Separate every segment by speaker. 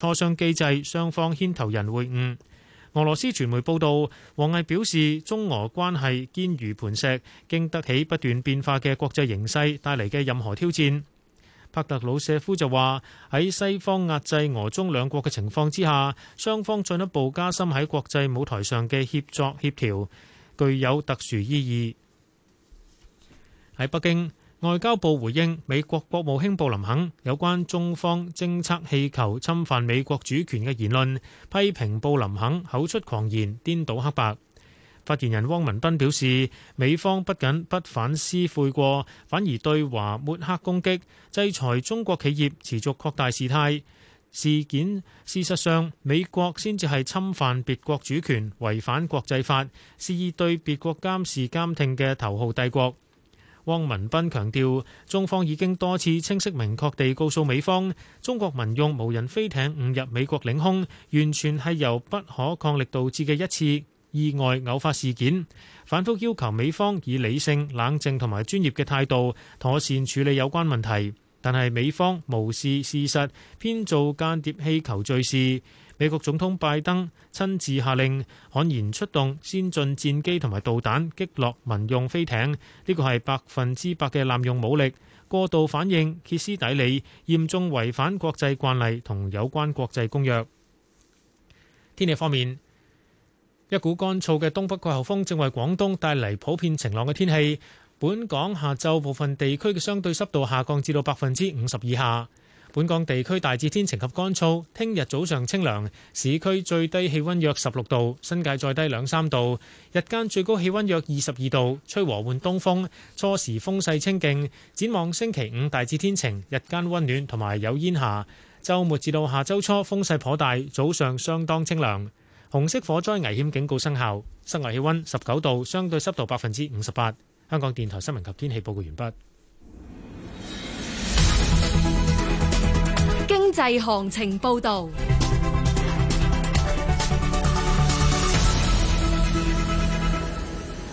Speaker 1: 磋商機制雙方牽頭人會晤。俄羅斯傳媒報道，王毅表示，中俄關係堅如磐石，經得起不斷變化嘅國際形勢帶嚟嘅任何挑戰。帕特魯舍夫就話，喺西方壓制俄中兩國嘅情況之下，雙方進一步加深喺國際舞台上嘅協作協調，具有特殊意義。喺北京。外交部回應美國國務卿布林肯有關中方偵測氣球侵犯美國主權嘅言論，批評布林肯口出狂言、顛倒黑白。發言人汪文斌表示，美方不僅不反思悔過，反而對華抹黑攻擊、制裁中國企業，持續擴大事態。事件事實上，美國先至係侵犯別國主權、違反國際法，肆意對別國監視監聽嘅頭號帝國。汪文斌強調，中方已經多次清晰明確地告訴美方，中國民用無人飛艇誤入美國領空，完全係由不可抗力導致嘅一次意外偶發事件，反覆要求美方以理性、冷靜同埋專業嘅態度妥善處理有關問題。但係美方無視事實，編造間諜氣球罪事。美國總統拜登親自下令，悍然出動先進戰機同埋導彈擊落民用飛艇，呢個係百分之百嘅濫用武力、過度反應、歇斯底里，嚴重違反國際慣例同有關國際公約。天氣方面，一股乾燥嘅東北季候風正為廣東帶嚟普遍晴朗嘅天氣，本港下晝部分地區嘅相對濕度下降至到百分之五十以下。本港地區大致天晴及乾燥，聽日早上清涼，市區最低氣温約十六度，新界再低兩三度。日間最高氣温約二十二度，吹和緩東風，初時風勢清勁。展望星期五大致天晴，日間温暖同埋有煙霞。周末至到下周初風勢頗大，早上相當清涼。紅色火災危險警告生效，室外氣温十九度，相對濕度百分之五十八。香港電台新聞及天氣報告完畢。
Speaker 2: 經濟行情報道，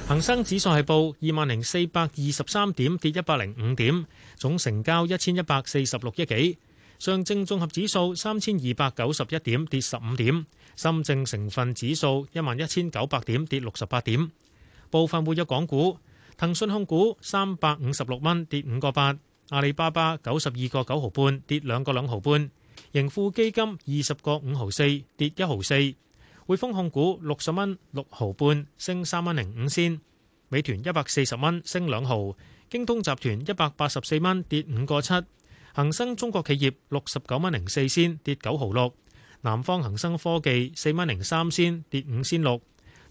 Speaker 1: 恒生指數係報二萬零四百二十三點，跌一百零五點，總成交一千一百四十六億幾。上證綜合指數三千二百九十一點，跌十五點。深證成分指數一萬一千九百點，跌六十八點。部分活躍港股，騰訊控股三百五十六蚊，跌五個八。阿里巴巴九十二個九毫半，跌兩個兩毫半。盈富基金二十個五毫四，跌一毫四。匯豐控股六十蚊六毫半，升三蚊零五仙。美團一百四十蚊，升兩毫。京東集團一百八十四蚊，跌五個七。恒生中國企業六十九蚊零四仙，跌九毫六。南方恒生科技四蚊零三仙，跌五仙六。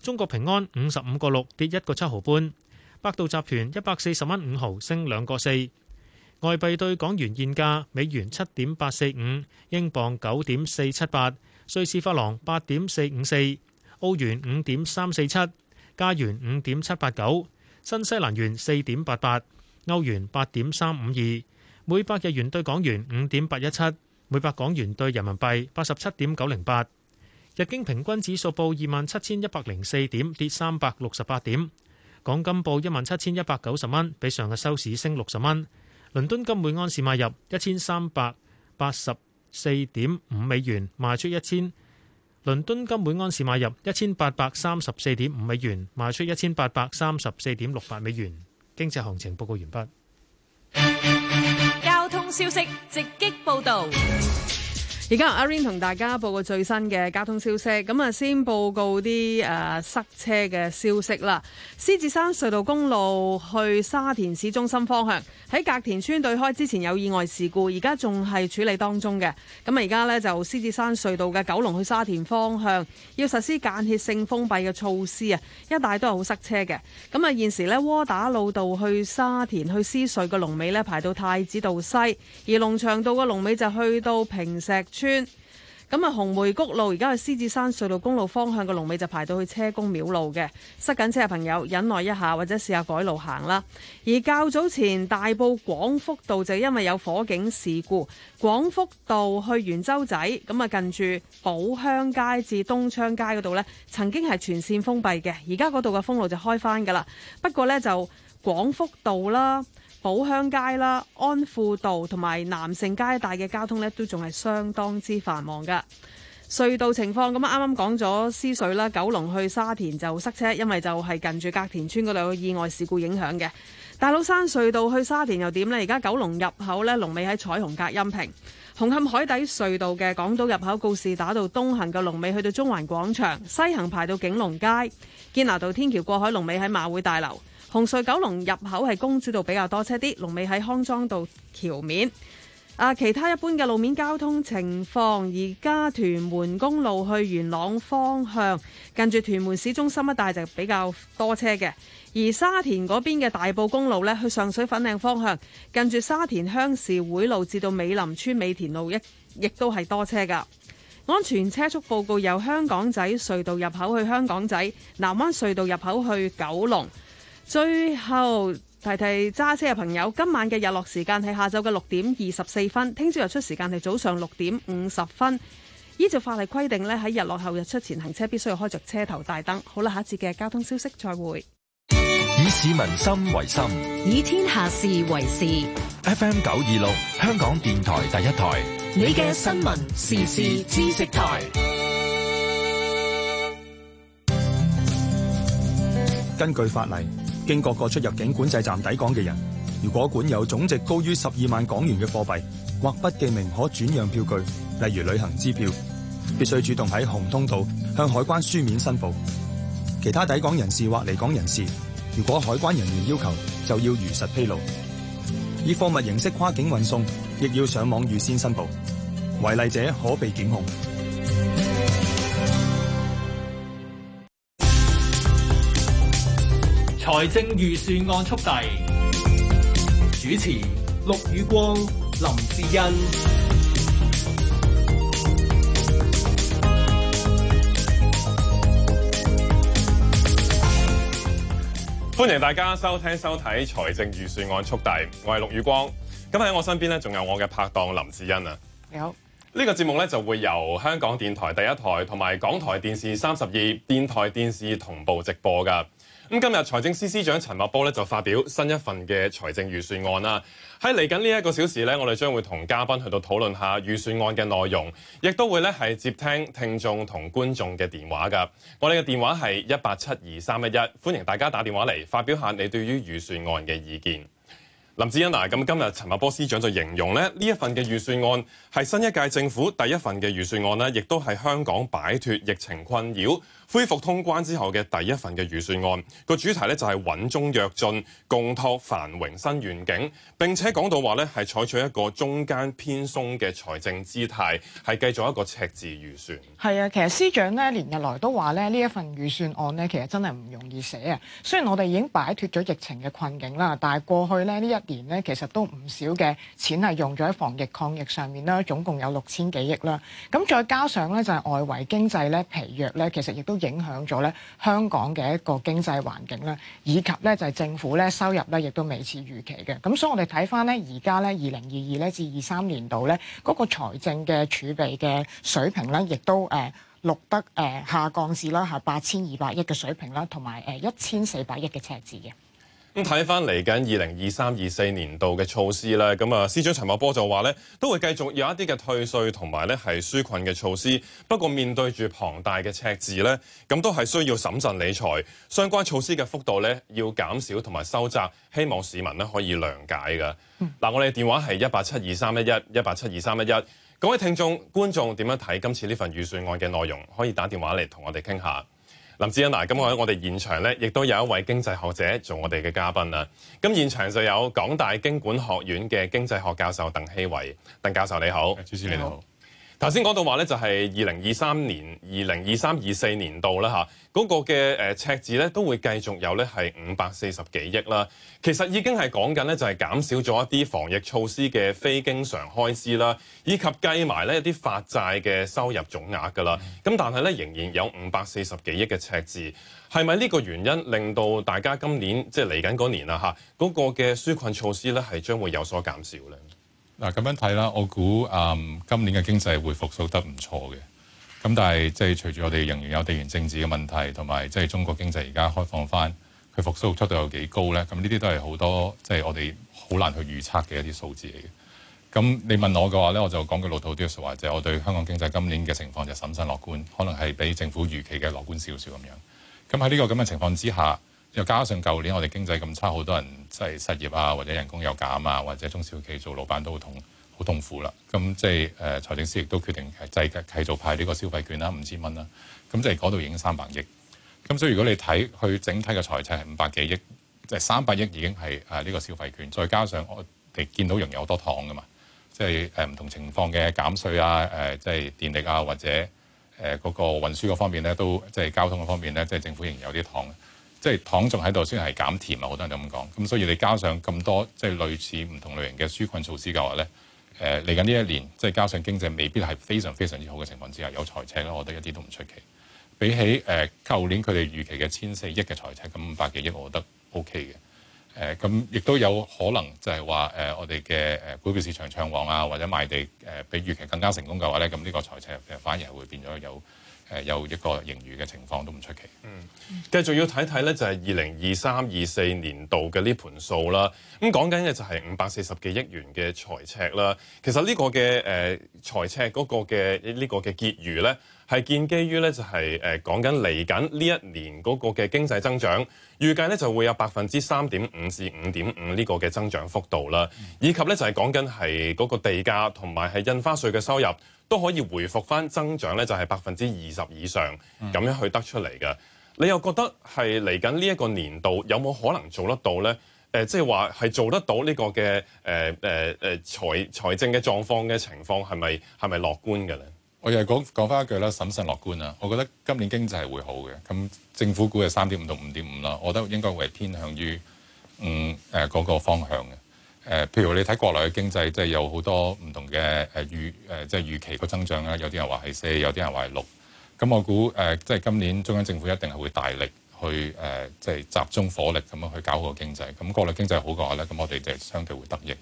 Speaker 1: 中國平安五十五個六，跌一個七毫半。百度集團一百四十蚊五毫，升兩個四。外幣對港元現價：美元七點八四五，英鎊九點四七八，瑞士法郎八點四五四，澳元五點三四七，加元五點七八九，新西蘭元四點八八，歐元八點三五二。每百日元對港元五點八一七，每百港元對人民幣八十七點九零八。日經平均指數報二萬七千一百零四點，跌三百六十八點。港金報一萬七千一百九十蚊，比上日收市升六十蚊。倫敦金每安士買入一千三百八十四點五美元，賣出一千。倫敦金每安士買入一千八百三十四點五美元，賣出一千八百三十四點六八美元。經濟行情報告完畢。
Speaker 3: 交通消息直擊報道。而家阿 rain 同大家報個最新嘅交通消息，咁啊先報告啲誒、呃、塞車嘅消息啦。獅子山隧道公路去沙田市中心方向，喺隔田村對開之前有意外事故，而家仲係處理當中嘅。咁啊而家呢，就獅子山隧道嘅九龍去沙田方向要實施間歇性封閉嘅措施啊，一帶都係好塞車嘅。咁啊現時呢，窩打老道去沙田去獅隧嘅龍尾呢，排到太子道西，而龍翔道嘅龍尾就去到平石。村咁啊，紅、嗯、梅谷路而家去獅子山隧道公路方向嘅龍尾就排到去車公廟路嘅，塞緊車嘅朋友忍耐一下，或者試下改路行啦。而較早前大埔廣福道就因為有火警事故，廣福道去元洲仔咁啊，近住寶鄉街至東昌街嗰度呢，曾經係全線封閉嘅，而家嗰度嘅封路就開翻噶啦。不過呢，就廣福道啦。寶香街啦、安富道同埋南城街一帶嘅交通呢，都仲係相當之繁忙嘅。隧道情況，咁啱啱講咗獅隧啦，九龍去沙田就塞車，因為就係近住隔田村嗰度有意外事故影響嘅。大老山隧道去沙田又點呢？而家九龍入口呢，龍尾喺彩虹隔音屏、紅磡海底隧道嘅港島入口告士打道東行嘅龍尾去到中環廣場，西行排到景隆街、堅拿道天橋過海，龍尾喺馬會大樓。紅隧九龍入口係公主道比較多車啲，龍尾喺康莊道橋面。啊，其他一般嘅路面交通情況，而家屯門公路去元朗方向，近住屯門市中心一帶就比較多車嘅。而沙田嗰邊嘅大埔公路呢，去上水粉嶺方向，近住沙田鄉事會路至到美林村美田路一，一亦都係多車噶。安全車速報告，由香港仔隧道入口去香港仔，南灣隧道入口去九龍。最後提提揸車嘅朋友，今晚嘅日落時間係下晝嘅六點二十四分，聽朝日出時間係早上六點五十分。依照法例規定咧，喺日落後日出前行車必須要開着車頭大燈。好啦，下一節嘅交通消息再會。
Speaker 2: 以市民心為心，
Speaker 4: 以天下
Speaker 3: 事為事。
Speaker 5: FM 九二六，香港電台第一台，
Speaker 4: 你嘅新聞時事知
Speaker 6: 識台。
Speaker 2: 根據法例。經各個出入境管制站抵港嘅人，如果管有總值高於十二萬港元嘅貨幣或不記名可轉讓票據，例如旅行支票，必須主動喺紅通道向海關書面申報。其他抵港人士或離港人士，如果海關人員要求，就要如實披露。以貨物形式跨境運送，亦要上網預先申報，違例者可被檢控。財政預算案速遞，主持陸宇光、林志恩，
Speaker 5: 歡迎大家收聽收睇財政預算案速遞。我係陸宇光，咁喺我身邊咧，仲有我嘅拍檔林志恩啊。你好，呢個節目咧就會由香港電台第一台同埋港台電視三十二電台電視同步直播㗎。咁今日財政司司長陳茂波咧就發表新一份嘅財政預算案啦。喺嚟緊呢一個小時咧，我哋將會同嘉賓去到討論下預算案嘅內容，亦都會咧係接聽聽眾同觀眾嘅電話㗎。我哋嘅電話係一八七二三一一，歡迎大家打電話嚟發表下你對於預算案嘅意見。林志欣嗱，咁今日陳茂波司長就形容咧呢一份嘅預算案係新一屆政府第一份嘅預算案咧，亦都係香港擺脱疫情困擾。恢復通關之後嘅第一份嘅預算案，個主題咧就係穩中躍進，共托繁榮新願景。並且講到話咧，係採取一個中間偏鬆嘅財政姿態，係繼續一個赤字預算。
Speaker 4: 係啊，其實司長咧連日來都話咧，呢一份預算案咧，其實真係唔容易寫啊。雖然我哋已經擺脱咗疫情嘅困境啦，但係過去咧呢一年咧，其實都唔少嘅錢係用咗喺防疫抗疫上面啦，總共有六千幾億啦。咁再加上咧就係、是、外圍經濟咧疲弱咧，其實亦都影響咗咧香港嘅一個經濟環境咧，以及咧就係、是、政府咧收入咧，亦都未似預期嘅。咁所以我，我哋睇翻咧而家咧二零二二咧至二三年度咧嗰、那個財政嘅儲備嘅水平咧，亦都誒錄、呃、得誒、呃、下降至啦係八千二百億嘅水平啦，同埋誒一千四百億嘅赤字嘅。
Speaker 5: 咁睇翻嚟緊二零二三、二四年度嘅措施咧，咁啊司長陳茂波就話咧，都會繼續有一啲嘅退稅同埋咧係紓困嘅措施。不過面對住龐大嘅赤字咧，咁都係需要審慎理財，相關措施嘅幅度咧要減少同埋收窄，希望市民咧可以諒解㗎。嗱、嗯，我哋電話係一八七二三一一，一八七二三一一。各位聽眾、觀眾點樣睇今次呢份預算案嘅內容？可以打電話嚟同我哋傾下。林志欣嗱，今日我哋現場咧，亦都有一位經濟學者做我哋嘅嘉賓啊。咁現場就有港大經管學院嘅經濟學教授鄧希維，鄧教授你好，主持人好，你好。頭先講到話咧，就係二零二三年、二零二三、二四年度啦嚇，嗰、那個嘅誒赤字咧都會繼續有咧，係五百四十幾億啦。其實已經係講緊咧，就係減少咗一啲防疫措施嘅非經常開支啦，以及計埋咧一啲發債嘅收入總額噶啦。咁但係咧，仍然有五百四十幾億嘅赤字，係咪呢個原因令到大家今年即係嚟緊嗰年啊嚇，嗰、那個嘅紓困措施咧係將會有所減少咧？
Speaker 6: 嗱咁樣睇啦，我估，嗯，今年嘅經濟會復甦得唔錯嘅。咁但係即係隨住我哋仍然有地緣政治嘅問題，同埋即係中國經濟而家開放翻，佢復甦速度有幾高呢？咁呢啲都係好多即係我哋好難去預測嘅一啲數字嚟嘅。咁你問我嘅話呢，我就講句老土啲嘅説話，就係、是、我對香港經濟今年嘅情況就審慎樂觀，可能係比政府預期嘅樂觀少少咁樣。咁喺呢個咁嘅情況之下。又加上舊年我哋經濟咁差，好多人即係失業啊，或者人工又減啊，或者中小企做老闆都好痛，好痛苦啦。咁即係誒財政司亦都決定繼續派呢個消費券啦、啊，五千蚊啦。咁即係嗰度已經三百億。咁所以如果你睇佢整體嘅財政係五百幾億，即係三百億已經係誒呢個消費券。再加上我哋見到仍有好多糖㗎嘛，即係誒唔同情況嘅減稅啊，誒即係電力啊，或者誒嗰、呃嗰個運輸嗰方面咧，都即係、就是、交通嗰方面咧，即、就、係、是、政府仍有啲糖。即係躺仲喺度先係減甜啊！好多人都咁講，咁所以你加上咁多即係、就是、類似唔同類型嘅紓困措施嘅話咧，誒嚟緊呢一年即係、就是、加上經濟未必係非常非常之好嘅情況之下，有財赤咧，我覺得一啲都唔出奇。比起誒舊、呃、年佢哋預期嘅千四億嘅財赤，咁五百幾億，我覺得 OK 嘅。誒咁亦都有可能就係話誒我哋嘅誒股票市場暢旺啊，或者賣地誒、呃、比預期更加成功嘅話咧，咁呢、這個財赤反而係會變咗有。誒、呃、有一個盈餘嘅情況都唔出奇。嗯，
Speaker 5: 繼續要睇睇咧，就係二零二三、二四年度嘅呢盤數啦。咁講緊嘅就係五百四十幾億元嘅財赤啦。其實個、呃財個這個、呢個嘅誒財赤嗰個嘅呢個嘅結餘咧，係建基於咧就係誒講緊嚟緊呢一年嗰個嘅經濟增長預計咧就會有百分之三點五至五點五呢個嘅增長幅度啦，嗯、以及咧就係講緊係嗰個地價同埋係印花稅嘅收入。都可以回復翻增長咧，就係百分之二十以上咁、嗯、樣去得出嚟嘅。你又覺得係嚟緊呢一個年度有冇可能做得到咧？誒、呃，即係話係做得到個、呃呃、財財是是是是呢個嘅誒誒誒財財政嘅狀況嘅情況係咪係咪樂觀嘅咧？
Speaker 6: 我又講講翻一句啦，審慎樂觀啊！我覺得今年經濟係會好嘅，咁政府估係三點五到五點五啦，我覺得應該會偏向於嗯誒嗰、呃那個方向嘅。誒、呃，譬如你睇國內嘅經濟，即係有好多唔同嘅誒預誒，即係預期個增長啦。有啲人話係四，有啲人話係六。咁我估誒，即係今年中央政府一定係會大力去誒、呃，即係集中火力咁樣去搞好個經濟。咁、嗯、國內經濟好嘅話咧，咁、嗯、我哋就相對會得益。咁、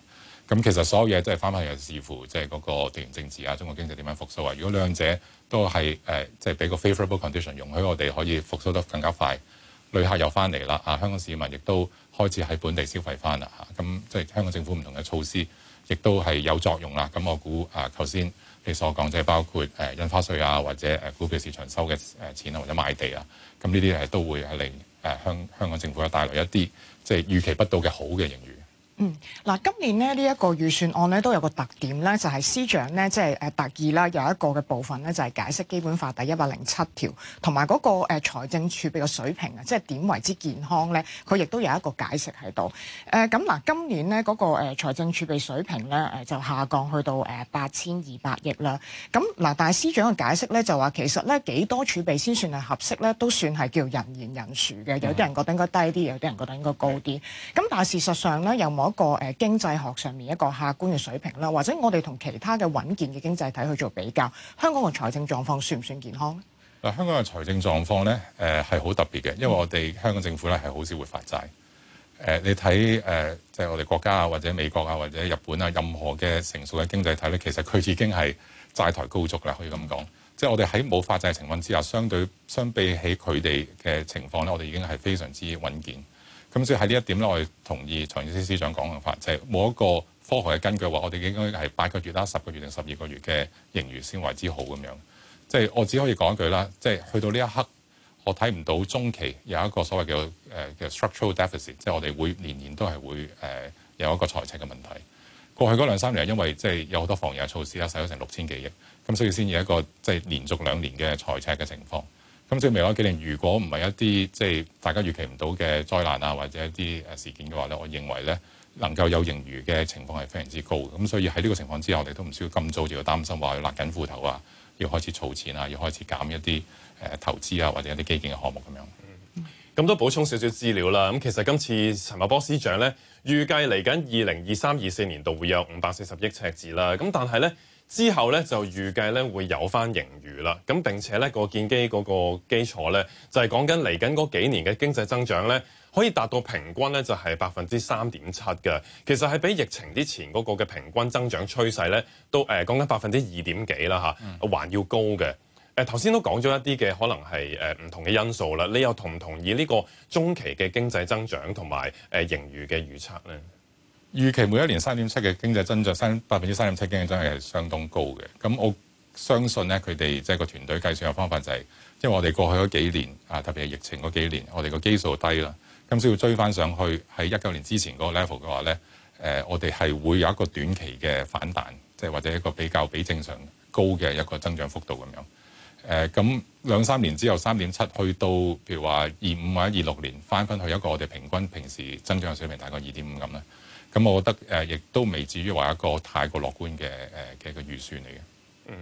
Speaker 6: 嗯、其實所有嘢即係返返去，又視乎即係嗰個地緣政治啊，中國經濟點樣復甦啊。如果兩者都係誒、呃，即係俾個 favourable condition 容許我哋可以復甦得更加快。旅客又翻嚟啦，啊香港市民亦都開始喺本地消費翻啦，嚇、啊、咁、嗯、即係香港政府唔同嘅措施，亦都係有作用啦。咁、嗯、我估啊，頭先你所講即係包括誒、呃、印花稅啊，或者誒、啊、股票市場收嘅誒、啊、錢啊，或者賣地啊，咁呢啲誒都會係令誒香、啊、香港政府啊帶來一啲即係預期不到嘅好嘅盈餘。
Speaker 4: 嗯，嗱，今年呢，呢、這、一個預算案咧都有個特點咧，就係司長咧即係誒特意啦，有一個嘅部分咧就係、是、解釋基本法第一百零七條，同埋嗰個誒財、呃、政儲備嘅水平啊，即係點為之健康咧，佢亦都有一個解釋喺度。誒咁嗱，今年呢、那個，嗰個誒財政儲備水平咧誒、呃、就下降去到誒八千二百億啦。咁、呃、嗱、嗯呃，但係司長嘅解釋咧就話其實咧幾多儲備先算係合適咧，都算係叫人言人殊嘅。有啲人覺得應該低啲，有啲人覺得應該高啲。咁但係事實上咧有冇？嗰個誒經濟學上面一個客觀嘅水平啦，或者我哋同其他嘅穩健嘅經濟體去做比較，香港嘅財政狀況算唔算健康
Speaker 6: 咧？嗱，香港嘅財政狀況咧，誒係好特別嘅，因為我哋香港政府咧係好少會發債。誒、呃，你睇誒，即、呃、係、就係、我哋國家啊，或者美國啊，或者日本啊，任何嘅成熟嘅經濟體咧，其實佢已經係債台高築啦，可以咁講。即、就、係、係、我哋喺冇發債情況之下，相對相比起佢哋嘅情況咧，我哋已經係非常之穩健。咁所以喺呢一點咧，我哋同意財政司司長講嘅法，就係、是、冇一個科學嘅根據話，我哋應該係八個月啦、十、啊、個月定十二個月嘅盈餘先為之好咁樣。即、就、係、是、我只可以講一句啦，即、就、係、是、去到呢一刻，我睇唔到中期有一個所謂嘅誒嘅、呃、structural deficit，即係我哋會年年都係會誒、呃、有一個財赤嘅問題。過去嗰兩三年因為即係、就是、有好多防疫嘅措施啦，使咗成六千幾億，咁所以先有一個即係、就是、連續兩年嘅財赤嘅情況。咁，即、嗯、未來幾年，如果唔係一啲即係大家預期唔到嘅災難啊，啊，啊，啊、呃、啊，或者一啲誒事件嘅話咧，我認為咧能夠有盈餘嘅情況係非常之高。咁所以喺呢個情況之下，我哋都唔需要咁早就要擔心話要勒緊褲頭啊，要開始儲錢啊，要開始減一啲誒投資啊，或者一啲基建嘅項目咁樣。咁都、嗯嗯、補充少少
Speaker 5: 資料啦。咁其實今次陳茂波司長咧預計嚟緊二零二三、二四年度會有五百四十億赤字啦。咁但係咧。之後咧就預計咧會有返盈餘啦，咁並且咧個建基嗰個基礎咧就係講緊嚟緊嗰幾年嘅經濟增長咧可以達到平均咧就係百分之三點七嘅，其實係比疫情之前嗰個嘅平均增長趨勢咧都誒講緊百分之二點幾啦嚇，還要高嘅。誒頭先都講咗一啲嘅可能係誒唔同嘅因素啦，你又同唔同意呢個中期嘅經濟增長同埋誒盈餘嘅預測咧？
Speaker 6: 預期每一年三點七嘅經濟增長，三百分之三點七經濟增長係相當高嘅。咁我相信咧，佢哋即係個團隊計算嘅方法就係，因為我哋過去嗰幾年啊，特別係疫情嗰幾年，我哋個基數低啦，咁需要追翻上去喺一九年之前嗰個 level 嘅話咧，誒、呃，我哋係會有一個短期嘅反彈，即係或者一個比較比正常高嘅一個增長幅度咁樣。誒、呃，咁兩三年之後三點七去到，譬如話二五或者二六年翻翻去一個我哋平均平時增長嘅水平，大概二點五咁咧。咁，我覺得誒，亦、呃、都未至於話一個太過樂觀嘅誒嘅一個預算嚟嘅。嗯，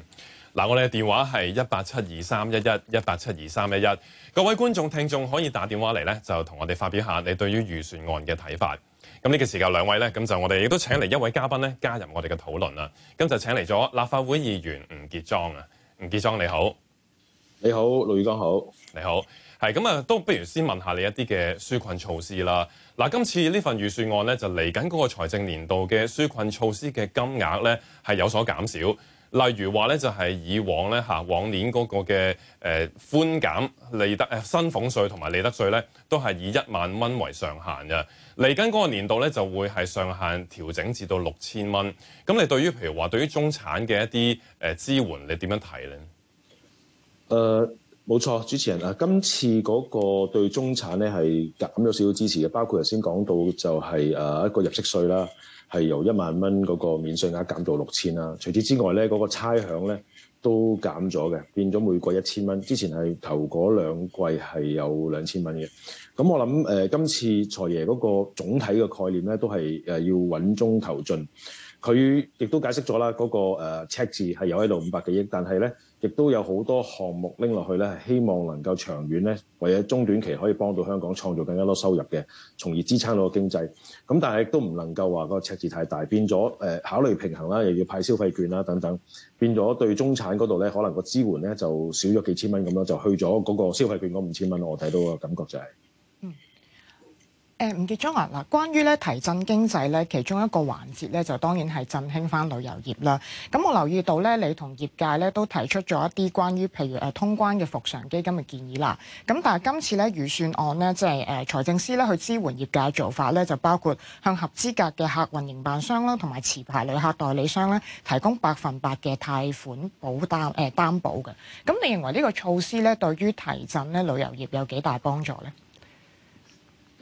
Speaker 6: 嗱，我哋嘅電話係一
Speaker 5: 八七二三一一一八七二三一一，各位觀眾聽眾可以打電話嚟咧，就同我哋發表下你對於預算案嘅睇法。咁、嗯、呢、呢個時間兩位咧，咁就我哋亦都請嚟一位嘉賓咧加入我哋嘅討論啦。咁就請嚟咗立法會議員吳傑莊啊，吳傑莊你好。你好，盧宇剛好。你好，係咁啊，都不如先問下你一啲嘅紓困措施啦。嗱、啊，今次呢份預算案咧，就嚟緊嗰個財政年度嘅紓困措施嘅金額咧，係有所減少。例如話咧，就係、是、以往咧嚇、啊、往年嗰個嘅誒、呃、寬減利得誒薪俸稅同埋利得稅咧，都係以一萬蚊為上限嘅。嚟緊嗰個年度咧，就會係上限調整至到六千蚊。咁你對於譬如話，對於中產嘅一啲誒支援，你點樣睇咧？
Speaker 7: 誒冇、呃、錯，主持人啊，今次嗰個對中產咧係減咗少少支持嘅，包括頭先講到就係、是、誒、啊、一個入息稅啦，係由一萬蚊嗰個免稅額減到六千啦、啊。除此之外咧，嗰、那個差餉咧都減咗嘅，變咗每季一千蚊。之前係頭嗰兩季係有兩千蚊嘅。咁我諗誒、呃、今次財爺嗰個總體嘅概念咧，都係誒要穩中求進。佢亦都解釋咗啦，嗰、那個、呃、赤字係有喺度五百幾億，但係咧。亦都有好多項目拎落去咧，係希望能夠長遠咧，或者中短期可以幫到香港創造更加多收入嘅，從而支撐到個經濟。咁但係亦都唔能夠話個赤字太大，變咗誒、呃、考慮平衡啦，又要派消費券啦等等，變咗對中產嗰度咧，可能個支援咧就少咗幾千蚊噉樣，就去咗嗰個消費券嗰五千蚊。我睇到個感覺就係、是。
Speaker 4: 誒吳傑章啊，嗱、嗯，關於咧提振經濟咧，其中一個環節咧，就當然係振興翻旅遊業啦。咁我留意到咧，你同業界咧都提出咗一啲關於譬如誒通關嘅復常基金嘅建議啦。咁但係今次咧預算案咧，即係誒、呃、財政司咧去支援業界嘅做法咧，就包括向合資格嘅客運營辦商啦，同埋持牌旅客代理商咧，提供百分百嘅貸款保擔誒、呃、擔保嘅。咁你認為呢個措施咧，對於提振咧旅遊業有幾大幫助咧？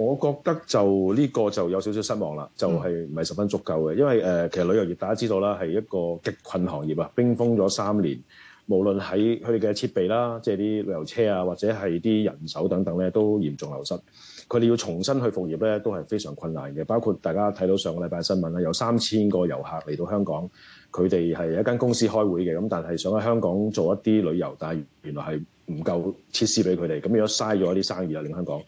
Speaker 7: 我覺得就呢個就有少少失望啦，就係唔係十分足夠嘅，因為誒、呃，其實旅遊業大家知道啦，係一個極困行業啊，冰封咗三年，無論喺佢哋嘅設備啦，即係啲旅遊車啊，或者係啲人手等等咧，都嚴重流失。佢哋要重新去復業咧，都係非常困難嘅。包括大家睇到上個禮拜新聞啦，有三千個遊客嚟到香港，佢哋係一間公司開會嘅，咁但係想喺香港做一啲旅遊，但係原來係唔夠設施俾佢哋，咁如果嘥咗一啲生意啦，令香港。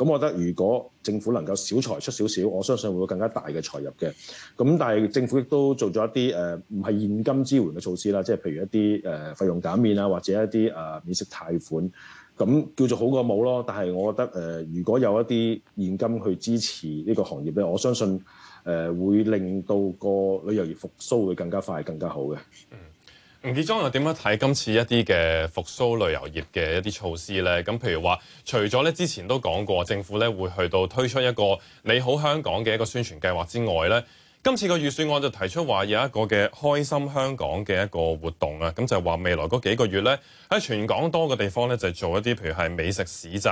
Speaker 7: 咁我覺得如果政府能夠少財出少少，我相信會有更加大嘅財入嘅。咁但係政府亦都做咗一啲誒唔係現金支援嘅措施啦，即係譬如一啲誒、呃、費用減免啊，或者一啲啊、呃、免息貸款，咁叫做好過冇咯。但係我覺得誒、呃，如果有一啲現金去支持呢個行業咧，我相信誒、呃、會令到個旅遊業復甦會更加快、更加好嘅。嗯。
Speaker 5: 吳建莊又點樣睇今次一啲嘅復甦旅遊業嘅一啲措施呢？咁譬如話，除咗咧之前都講過，政府咧會去到推出一個你好香港嘅一個宣傳計劃之外呢，今次個預算案就提出話有一個嘅開心香港嘅一個活動啊！咁就話未來嗰幾個月呢，喺全港多個地方呢，就做一啲譬如係美食市集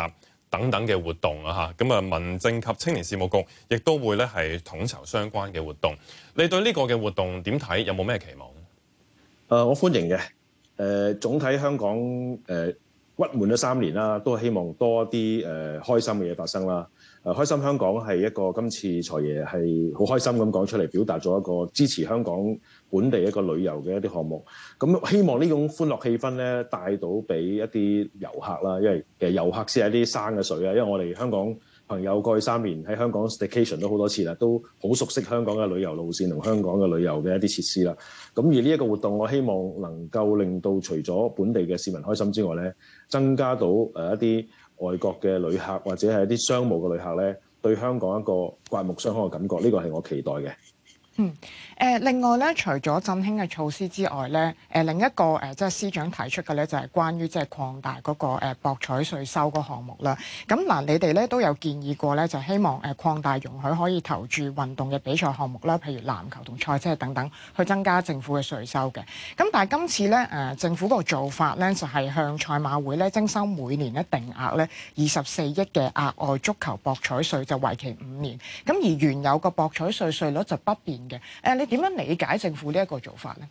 Speaker 5: 等等嘅活動啊！嚇咁啊，民政及青年事務局亦都會咧係統籌相關嘅活動。你對呢個嘅活動點睇？
Speaker 7: 有冇咩期望？誒、呃、我歡迎嘅，誒、呃、總體香港誒鬱悶咗三年啦，都希望多啲誒、呃、開心嘅嘢發生啦。誒、呃、開心香港係一個今次財爺係好開心咁講出嚟，表達咗一個支持香港本地一個旅遊嘅一啲項目。咁、嗯、希望呢種歡樂氣氛咧，帶到俾一啲遊客啦，因為其實遊客先係啲生嘅水啊，因為我哋香港。朋友過去三年喺香港 staycation 都好多次啦，都好熟悉香港嘅旅遊路線同香港嘅旅遊嘅一啲設施啦。咁而呢一個活動，我希望能夠令到除咗本地嘅市民開心之外咧，增加到誒一啲外國嘅旅客或者係一啲商務嘅旅客咧，對香港一個刮目相看嘅感覺。呢個係我期待嘅。
Speaker 4: 嗯，誒、呃、另外咧，除咗振興嘅措施之外咧，誒、呃、另一個誒、呃、即係司長提出嘅咧，就係、是、關於即係擴大嗰、那個、呃、博彩稅收個項目啦。咁、嗯、嗱、呃，你哋咧都有建議過咧，就希望誒擴大容許可以投注運動嘅比賽項目啦，譬如籃球同賽車等等，去增加政府嘅稅收嘅。咁、嗯、但係今次咧誒、呃、政府個做法咧就係、是、向賽馬會咧徵收每年一定額咧二十四億嘅額外足球博彩稅，就為期五年。咁而原有個博彩稅稅率就不變。誒，你點樣理解政府呢一個做法咧？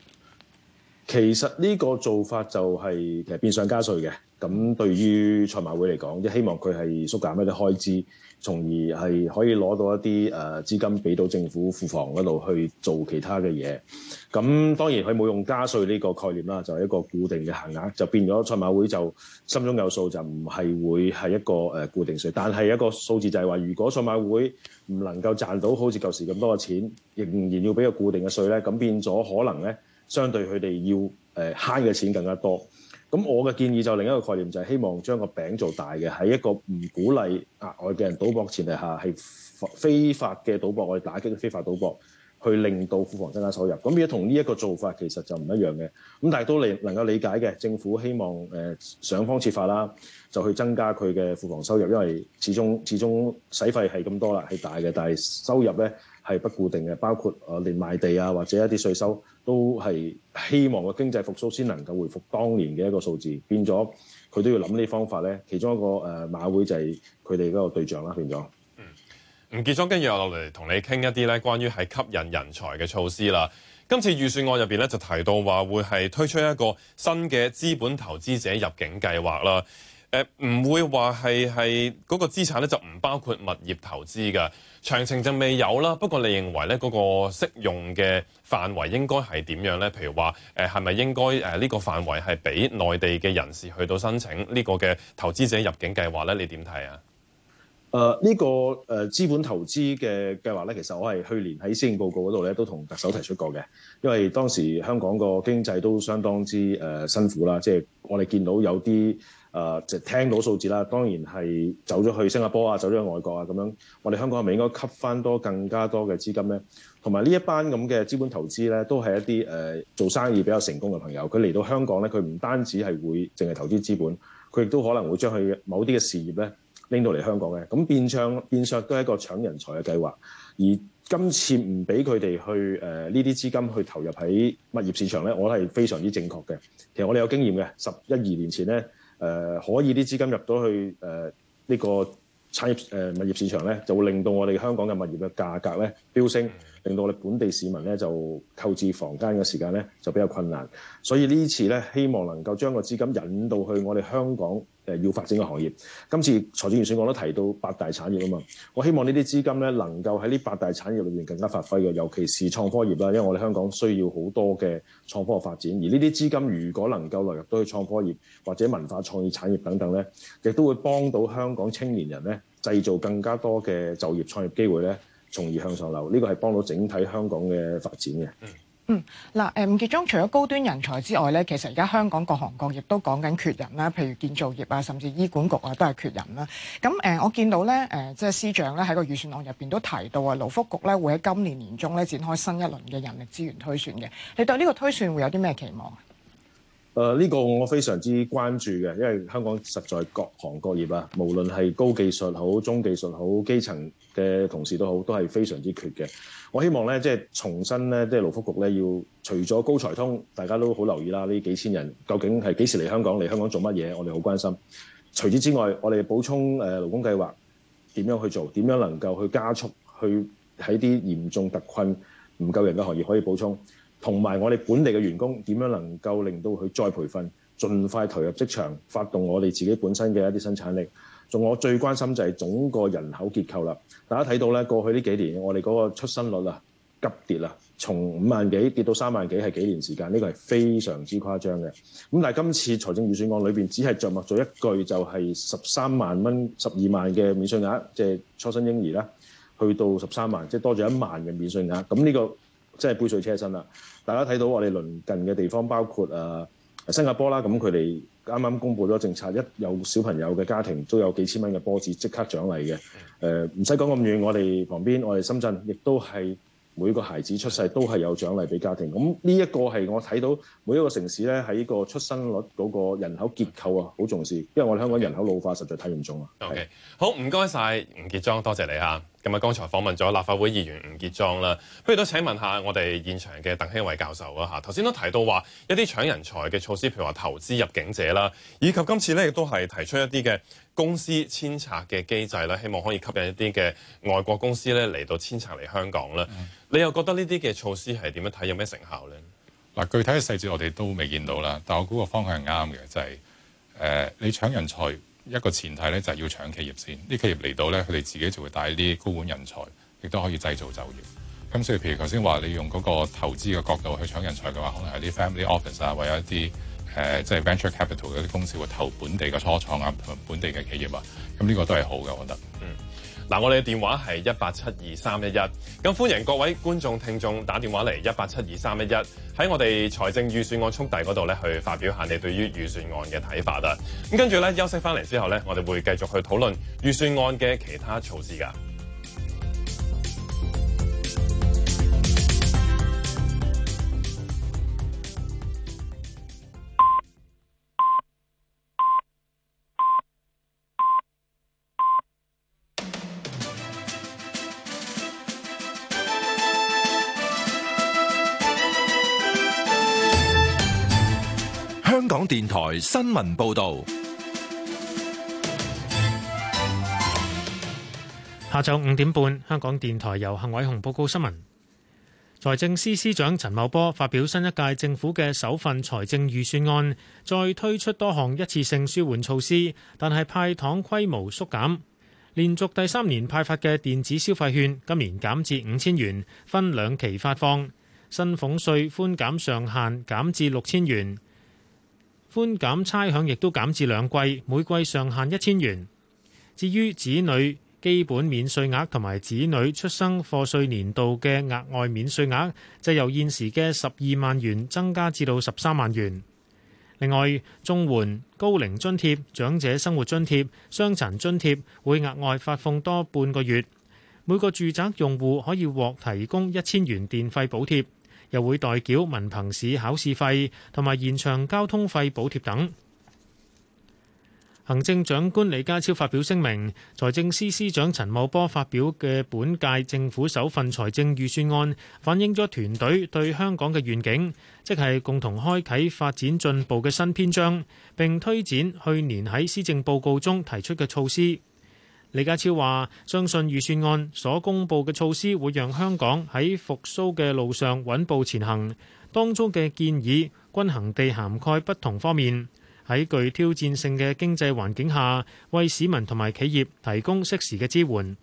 Speaker 7: 其實呢個做法就係其實變相加稅嘅。咁對於賽馬會嚟講，即希望佢係縮減一啲開支。從而係可以攞到一啲誒、呃、資金俾到政府庫房嗰度去做其他嘅嘢，咁當然佢冇用加稅呢個概念啦，就係、是、一個固定嘅限額，就變咗賽馬會就心中有數，就唔係會係一個誒、呃、固定稅，但係一個數字就係話，如果賽馬會唔能夠賺到好似舊時咁多嘅錢，仍然要俾個固定嘅稅咧，咁變咗可能咧，相對佢哋要誒慳嘅錢更加多。咁我嘅建議就另一個概念，就係希望將個餅做大嘅，喺一個唔鼓勵額外嘅人賭博前提下，係非法嘅賭博，去打擊非法賭博，去令到庫房增加收入。咁而家同呢一個做法其實就唔一樣嘅。咁但係都理能夠理解嘅，政府希望誒想、呃、方設法啦，就去增加佢嘅庫房收入，因為始終始終使費係咁多啦，係大嘅，但係收入咧係不固定嘅，包括誒連賣地啊，或者一啲稅收，都係希望個經濟復甦先能夠回復當年嘅一個數字，變咗佢都要諗呢啲方法咧。其中一個誒馬會就係佢哋嗰個對象啦，變咗。
Speaker 5: 嗯，吳傑總，跟住我落嚟同你傾一啲咧，關於係吸引人才嘅措施啦。今次預算案入邊咧，就提到話會係推出一個新嘅資本投資者入境計劃啦。唔會話係係嗰個資產咧，就唔包括物業投資㗎。長程就未有啦。不過你認為咧，嗰個適用嘅範圍應該係點樣咧？譬如話誒，係咪應該誒呢個範圍係俾內地嘅人士去到申請呢個嘅投資者入境計劃咧？你點睇啊？
Speaker 7: 誒，呢個誒資本投資嘅計劃咧，其實我係去年喺施政報告嗰度咧都同特首提出過嘅，因為當時香港個經濟都相當之誒辛苦啦，即係我哋見到有啲。誒就、呃、聽到數字啦，當然係走咗去新加坡啊，走咗去外國啊，咁樣。我哋香港係咪應該吸翻多更加多嘅資金咧？同埋呢一班咁嘅資本投資咧，都係一啲誒、呃、做生意比較成功嘅朋友。佢嚟到香港咧，佢唔單止係會淨係投資資本，佢亦都可能會將佢某啲嘅事業咧拎到嚟香港嘅。咁變相變相都係一個搶人才嘅計劃。而今次唔俾佢哋去誒呢啲資金去投入喺物業市場咧，我係非常之正確嘅。其實我哋有經驗嘅，十一二年前咧。誒、呃、可以啲資金入到去誒呢、呃呢個產業誒、呃、物業市場咧，就會令到我哋香港嘅物業嘅價格咧飆升。令到我哋本地市民咧就購置房間嘅時間咧就比較困難。所以次呢次咧，希望能夠將個資金引到去我哋香港誒、呃、要發展嘅行業。今次財政預算案都提到八大產業啊嘛，我希望呢啲資金咧能夠喺呢八大產業裏邊更加發揮嘅，尤其是創科業啦，因為我哋香港需要好多嘅創科嘅發展，而呢啲資金如果能夠流入到去創科業或者文化創意產業等等咧，亦都會幫到香港青年人咧製造更加多嘅就業創業機會咧，從而向上流，呢個係幫到整體香港嘅發展嘅。嗯，
Speaker 4: 嗯，嗱，誒吳傑莊，除咗高端人才之外咧，其實而家香港各行各業都講緊缺人啦，譬如建造業啊，甚至醫管局啊，都係缺人啦。咁誒，我見到咧，誒，即係司長咧喺個預算案入邊都提到啊，勞福局咧會喺今年年中咧展開新一輪嘅人力資源推算嘅。你對呢個推算會有啲咩期望啊？
Speaker 7: 誒，呢個我非常之關注嘅，因為香港實在各行各業啊，無論係高技術好、中技術好、基層，嘅同事都好，都係非常之缺嘅。我希望咧，即係重新咧，即係勞福局咧，要除咗高才通，大家都好留意啦。呢幾千人究竟係幾時嚟香港？嚟香港做乜嘢？我哋好關心。除此之外，我哋補充誒勞工計劃點樣去做？點樣能夠去加速去喺啲嚴重特困唔夠人嘅行業可以補充？同埋我哋本地嘅員工點樣能夠令到佢再培訓，盡快投入職場，發動我哋自己本身嘅一啲生產力。仲我最關心就係總個人口結構啦，大家睇到咧，過去呢幾年我哋嗰個出生率啊急跌喇，從五萬幾跌到三萬幾係幾年時間，呢個係非常之誇張嘅。咁但係今次財政預算案裏邊只係着墨咗一句就係十三萬蚊、十二萬嘅免稅額，即係初生嬰兒啦，去到十三萬，即係多咗一萬嘅免稅額。咁呢個即係杯水車薪啦。大家睇到我哋鄰近嘅地方包括啊新加坡啦，咁佢哋。啱啱公布咗政策，一有小朋友嘅家庭，都有幾千蚊嘅波子即刻獎勵嘅。誒、呃，唔使講咁遠，我哋旁邊，我哋深圳亦都係每個孩子出世都係有獎勵俾家庭。咁呢一個係我睇到每一個城市咧喺、這個出生率嗰個人口結構啊，好重視，因為我哋香港人口老化實在太嚴重啦。Okay.
Speaker 5: 是 OK，好，唔該晒吳傑莊，多謝你啊。咁啊，剛才訪問咗立法會議員吳傑莊啦，不如都請問下我哋現場嘅鄧希煒教授啊吓，頭先都提到話一啲搶人才嘅措施，譬如話投資入境者啦，以及今次咧亦都係提出一啲嘅公司遷冊嘅機制啦，希望可以吸引一啲嘅外國公司咧嚟到遷冊嚟香港啦。你又覺得呢啲嘅措施係點樣睇，有
Speaker 6: 咩成效咧？嗱，具體嘅細節我哋都未見到啦，但我估個方向係啱嘅，就係、是、誒、呃，你搶人才。一個前提咧就係、是、要搶企業先，啲企業嚟到咧，佢哋自己就會帶啲高管人才，亦都可以製造就業。咁、嗯、所以譬如頭先話你用嗰個投資嘅角度去搶人才嘅話，可能係啲 family office 啊，或者一啲誒即、呃、係、就是、venture capital 啲公司會投本地嘅初創啊、同本地嘅企業啊，咁、嗯、呢、這個都係好嘅，我覺得。嗯嗱，我
Speaker 5: 哋嘅電話係一八七二三一一，咁歡迎各位觀眾聽眾打電話嚟一八七二三一一喺我哋財政預算案速遞嗰度咧，去發表下你對於預算案嘅睇法啦。咁跟住咧，休息翻嚟之後咧，我哋會繼續去討論預算案嘅其他措施噶。香港電台新聞報道，
Speaker 1: 下晝五點半，香港電台由幸偉雄報告新聞。財政司司長陳茂波發表新一屆政府嘅首份財政預算案，再推出多項一次性舒緩措施，但係派糖規模縮減，連續第三年派發嘅電子消費券今年減至五千元，分兩期發放；新俸稅寬減上限減至六千元。寬減差餉亦都減至兩季，每季上限一千元。至於子女基本免稅額同埋子女出生課稅年度嘅額外免稅額，就由現時嘅十二萬元增加至到十三萬元。另外，綜援、高齡津貼、長者生活津貼、傷殘津貼會額外發放多半個月。每個住宅用戶可以獲提供一千元電費補貼。又會代繳文憑試考試費同埋延長交通費補貼等。行政長官李家超發表聲明，財政司司長陳茂波發表嘅本屆政府首份財政預算案，反映咗團隊對香港嘅願景，即係共同開啓發展進步嘅新篇章，並推展去年喺施政報告中提出嘅措施。李家超話：相信預算案所公佈嘅措施，會讓香港喺復甦嘅路上穩步前行。當中嘅建議均衡地涵蓋不同方面，喺具挑戰性嘅經濟環境下，為市民同埋企業提供適時嘅支援。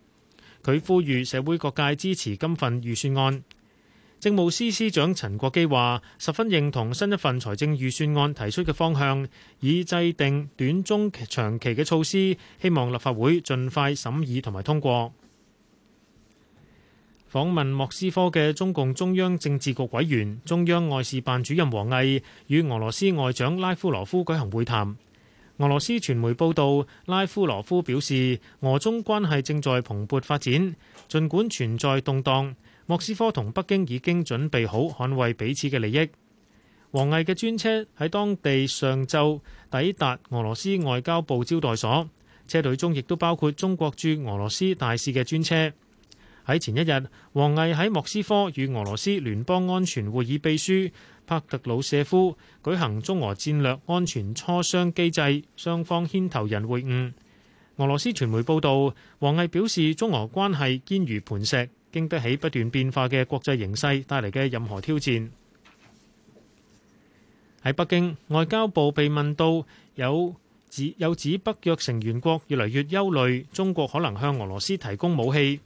Speaker 1: 佢呼籲社會各界支持今份預算案。政務司司長陳國基話：十分認同新一份財政預算案提出嘅方向，以制定短中長期嘅措施，希望立法會盡快審議同埋通過。訪問莫斯科嘅中共中央政治局委員、中央外事辦主任王毅與俄羅斯外長拉夫羅夫舉行會談。俄羅斯傳媒報道，拉夫羅夫表示，俄中關係正在蓬勃發展，儘管存在動盪。莫斯科同北京已經準備好捍衛彼此嘅利益。王毅嘅專車喺當地上晝抵達俄羅斯外交部招待所，車隊中亦都包括中國駐俄羅斯大使嘅專車。喺前一日，王毅喺莫斯科與俄羅斯聯邦安全會議秘書帕特魯舍夫舉行中俄戰略安全磋商機制雙方牽頭人會晤。俄羅斯傳媒報道，王毅表示中俄關係堅如磐石。經得起不斷變化嘅國際形勢帶嚟嘅任何挑戰。喺北京，外交部被問到有指有指北約成員國越嚟越憂慮中國可能向俄羅斯提供武器，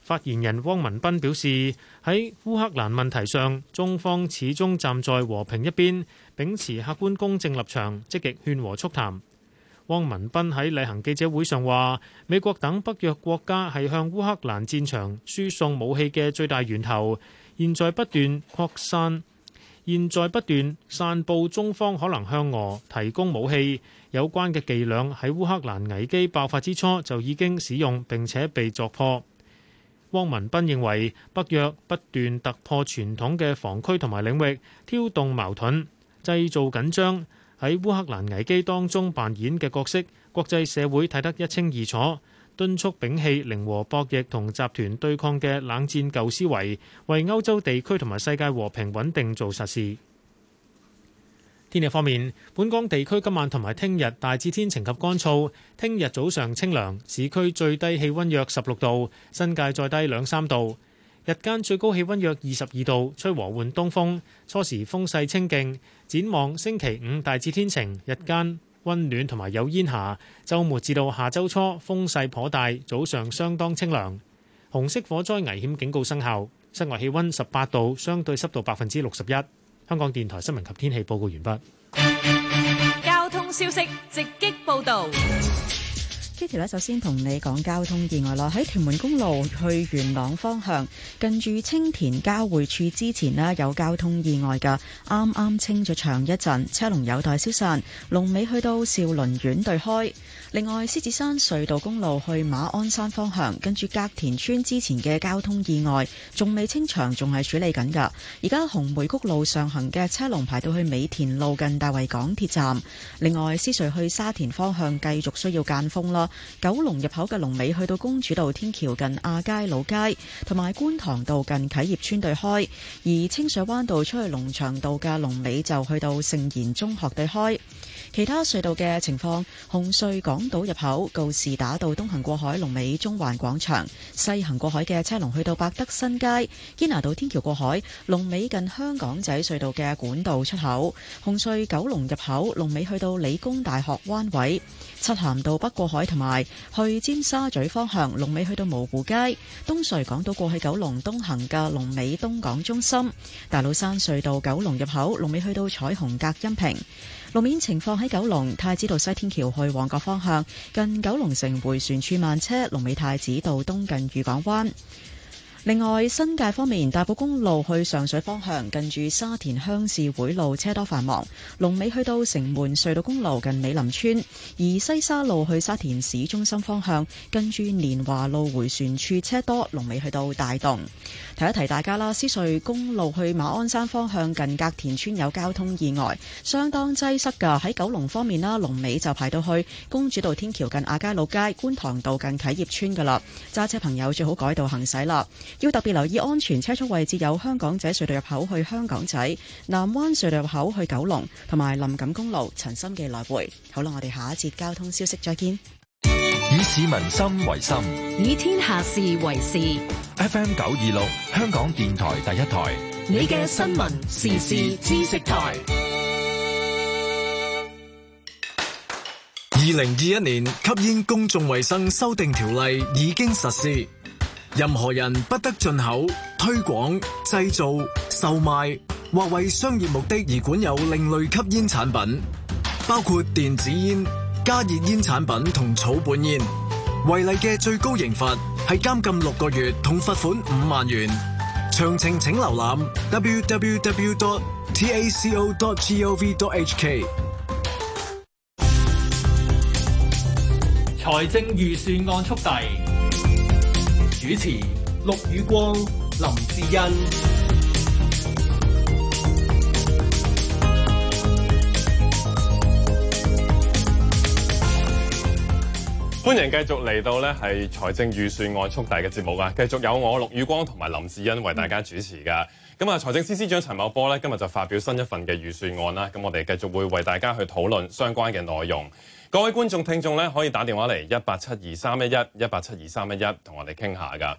Speaker 1: 發言人汪文斌表示，喺烏克蘭問題上，中方始終站在和平一邊，秉持客觀公正立場，積極勸和促談。汪文斌喺例行記者會上話，美國等北約國家係向烏克蘭戰場輸送武器嘅最大源頭，現在不斷擴散，現在不斷散布中方可能向俄提供武器有關嘅伎倆，喺烏克蘭危機爆發之初就已經使用，並且被作破。汪文斌認為，北約不斷突破傳統嘅防區同埋領域，挑動矛盾，製造緊張。喺烏克蘭危機當中扮演嘅角色，國際社會睇得一清二楚，敦促摒棄零和博弈同集團對抗嘅冷戰舊思維，為歐洲地區同埋世界和平穩定做實事。天氣方面，本港地區今晚同埋聽日大致天晴及乾燥，聽日早上清涼，市區最低氣温約十六度，新界再低兩三度，日間最高氣温約二十二度，吹和緩東風，初時風勢清勁。展望星期五大致天晴，日間温暖同埋有煙霞。週末至到下週初風勢頗大，早上相當清涼。紅色火災危險警告生效，室外氣温十八度，相對濕度百分之六十一。香港電台新聞及
Speaker 8: 天氣報告完畢。
Speaker 3: 交通消息直擊報導。
Speaker 8: Kitty 咧，Katie，首先同你講交通意外咯，喺屯門公路去元朗方向，近住青田交匯處之前呢，有交通意外㗎，啱啱清咗場一陣，車龍有待消散，龍尾去到兆麟苑對開。另外，獅子山隧道公路去馬鞍山方向，跟住隔田村之前嘅交通意外，仲未清場，仲係處理緊噶。而家紅梅谷路上行嘅車龍排到去美田路近大圍港鐵站。另外，獅隧去沙田方向繼續需要間風啦。九龍入口嘅龍尾去到公主道天橋近亞皆老街，同埋觀塘道近啟業邨對開。而清水灣道出去龍翔道嘅龍尾就去到聖賢中學對開。其他隧道嘅情況，紅隧港島入口告士打道東行過海龍尾中環廣場，西行過海嘅車龍去到百德新街堅拿道天橋過海龍尾近香港仔隧道嘅管道出口，紅隧九龍入口龍尾去到理工大學彎位，漆咸道北過海同埋去尖沙咀方向龍尾去到蕪湖街，東隧港島過去九龍東行嘅龍尾東港中心，大老山隧道九龍入口龍尾去到彩虹隔音屏。路面情況喺九龍太子道西天橋去旺角方向，近九龍城迴旋處慢車，龍尾太子道東近御港灣。另外，新界方面，大埔公路去上水方向，近住沙田鄉事會路，車多繁忙；龍尾去到城門隧道公路，近美林村；而西沙路去沙田市中心方向，近住蓮華路回旋處，車多龍尾去到大洞。提一提大家啦，獅隧公路去馬鞍山方向，近隔田村有交通意外，相當擠塞㗎。喺九龍方面啦，龍尾就排到去公主道天橋近亞皆老街、觀塘道近啟業村㗎啦。揸車朋友最好改道行駛啦。要特別留意安全車速位置，有香港仔隧道入口去香港仔、南灣隧道入口去九龍，同埋林錦公路陳森嘅來回。好啦，我哋下一節交通消息再見。
Speaker 5: 以市民心為心，
Speaker 8: 以天下事為事。
Speaker 5: FM 九二六，香港電台第一台。
Speaker 8: 你嘅新聞
Speaker 2: 時事知識台。二零二一年吸煙公眾衛生修訂條例已經實施。任何人不得進口、推廣、製造、售賣、或為商業目的而管有另類吸煙產品，包括電子煙、加熱煙產品同草本煙。違例嘅最高刑罰係監禁六個月同罰款五萬元。詳情請瀏覽 www.taco.gov.hk。財政預算案速遞。主持陸宇
Speaker 5: 光、林志恩，歡迎繼續嚟到呢係財政預算案速遞嘅節目啊！繼續有我陸宇光同埋林志恩為大家主持噶。咁啊，財政司司長陳茂波呢，今日就發表新一份嘅預算案啦。咁我哋繼續會為大家去討論相關嘅內容。各位觀眾、聽眾可以打電話嚟一八七二三一一一八七二三一一，同我哋傾下㗎。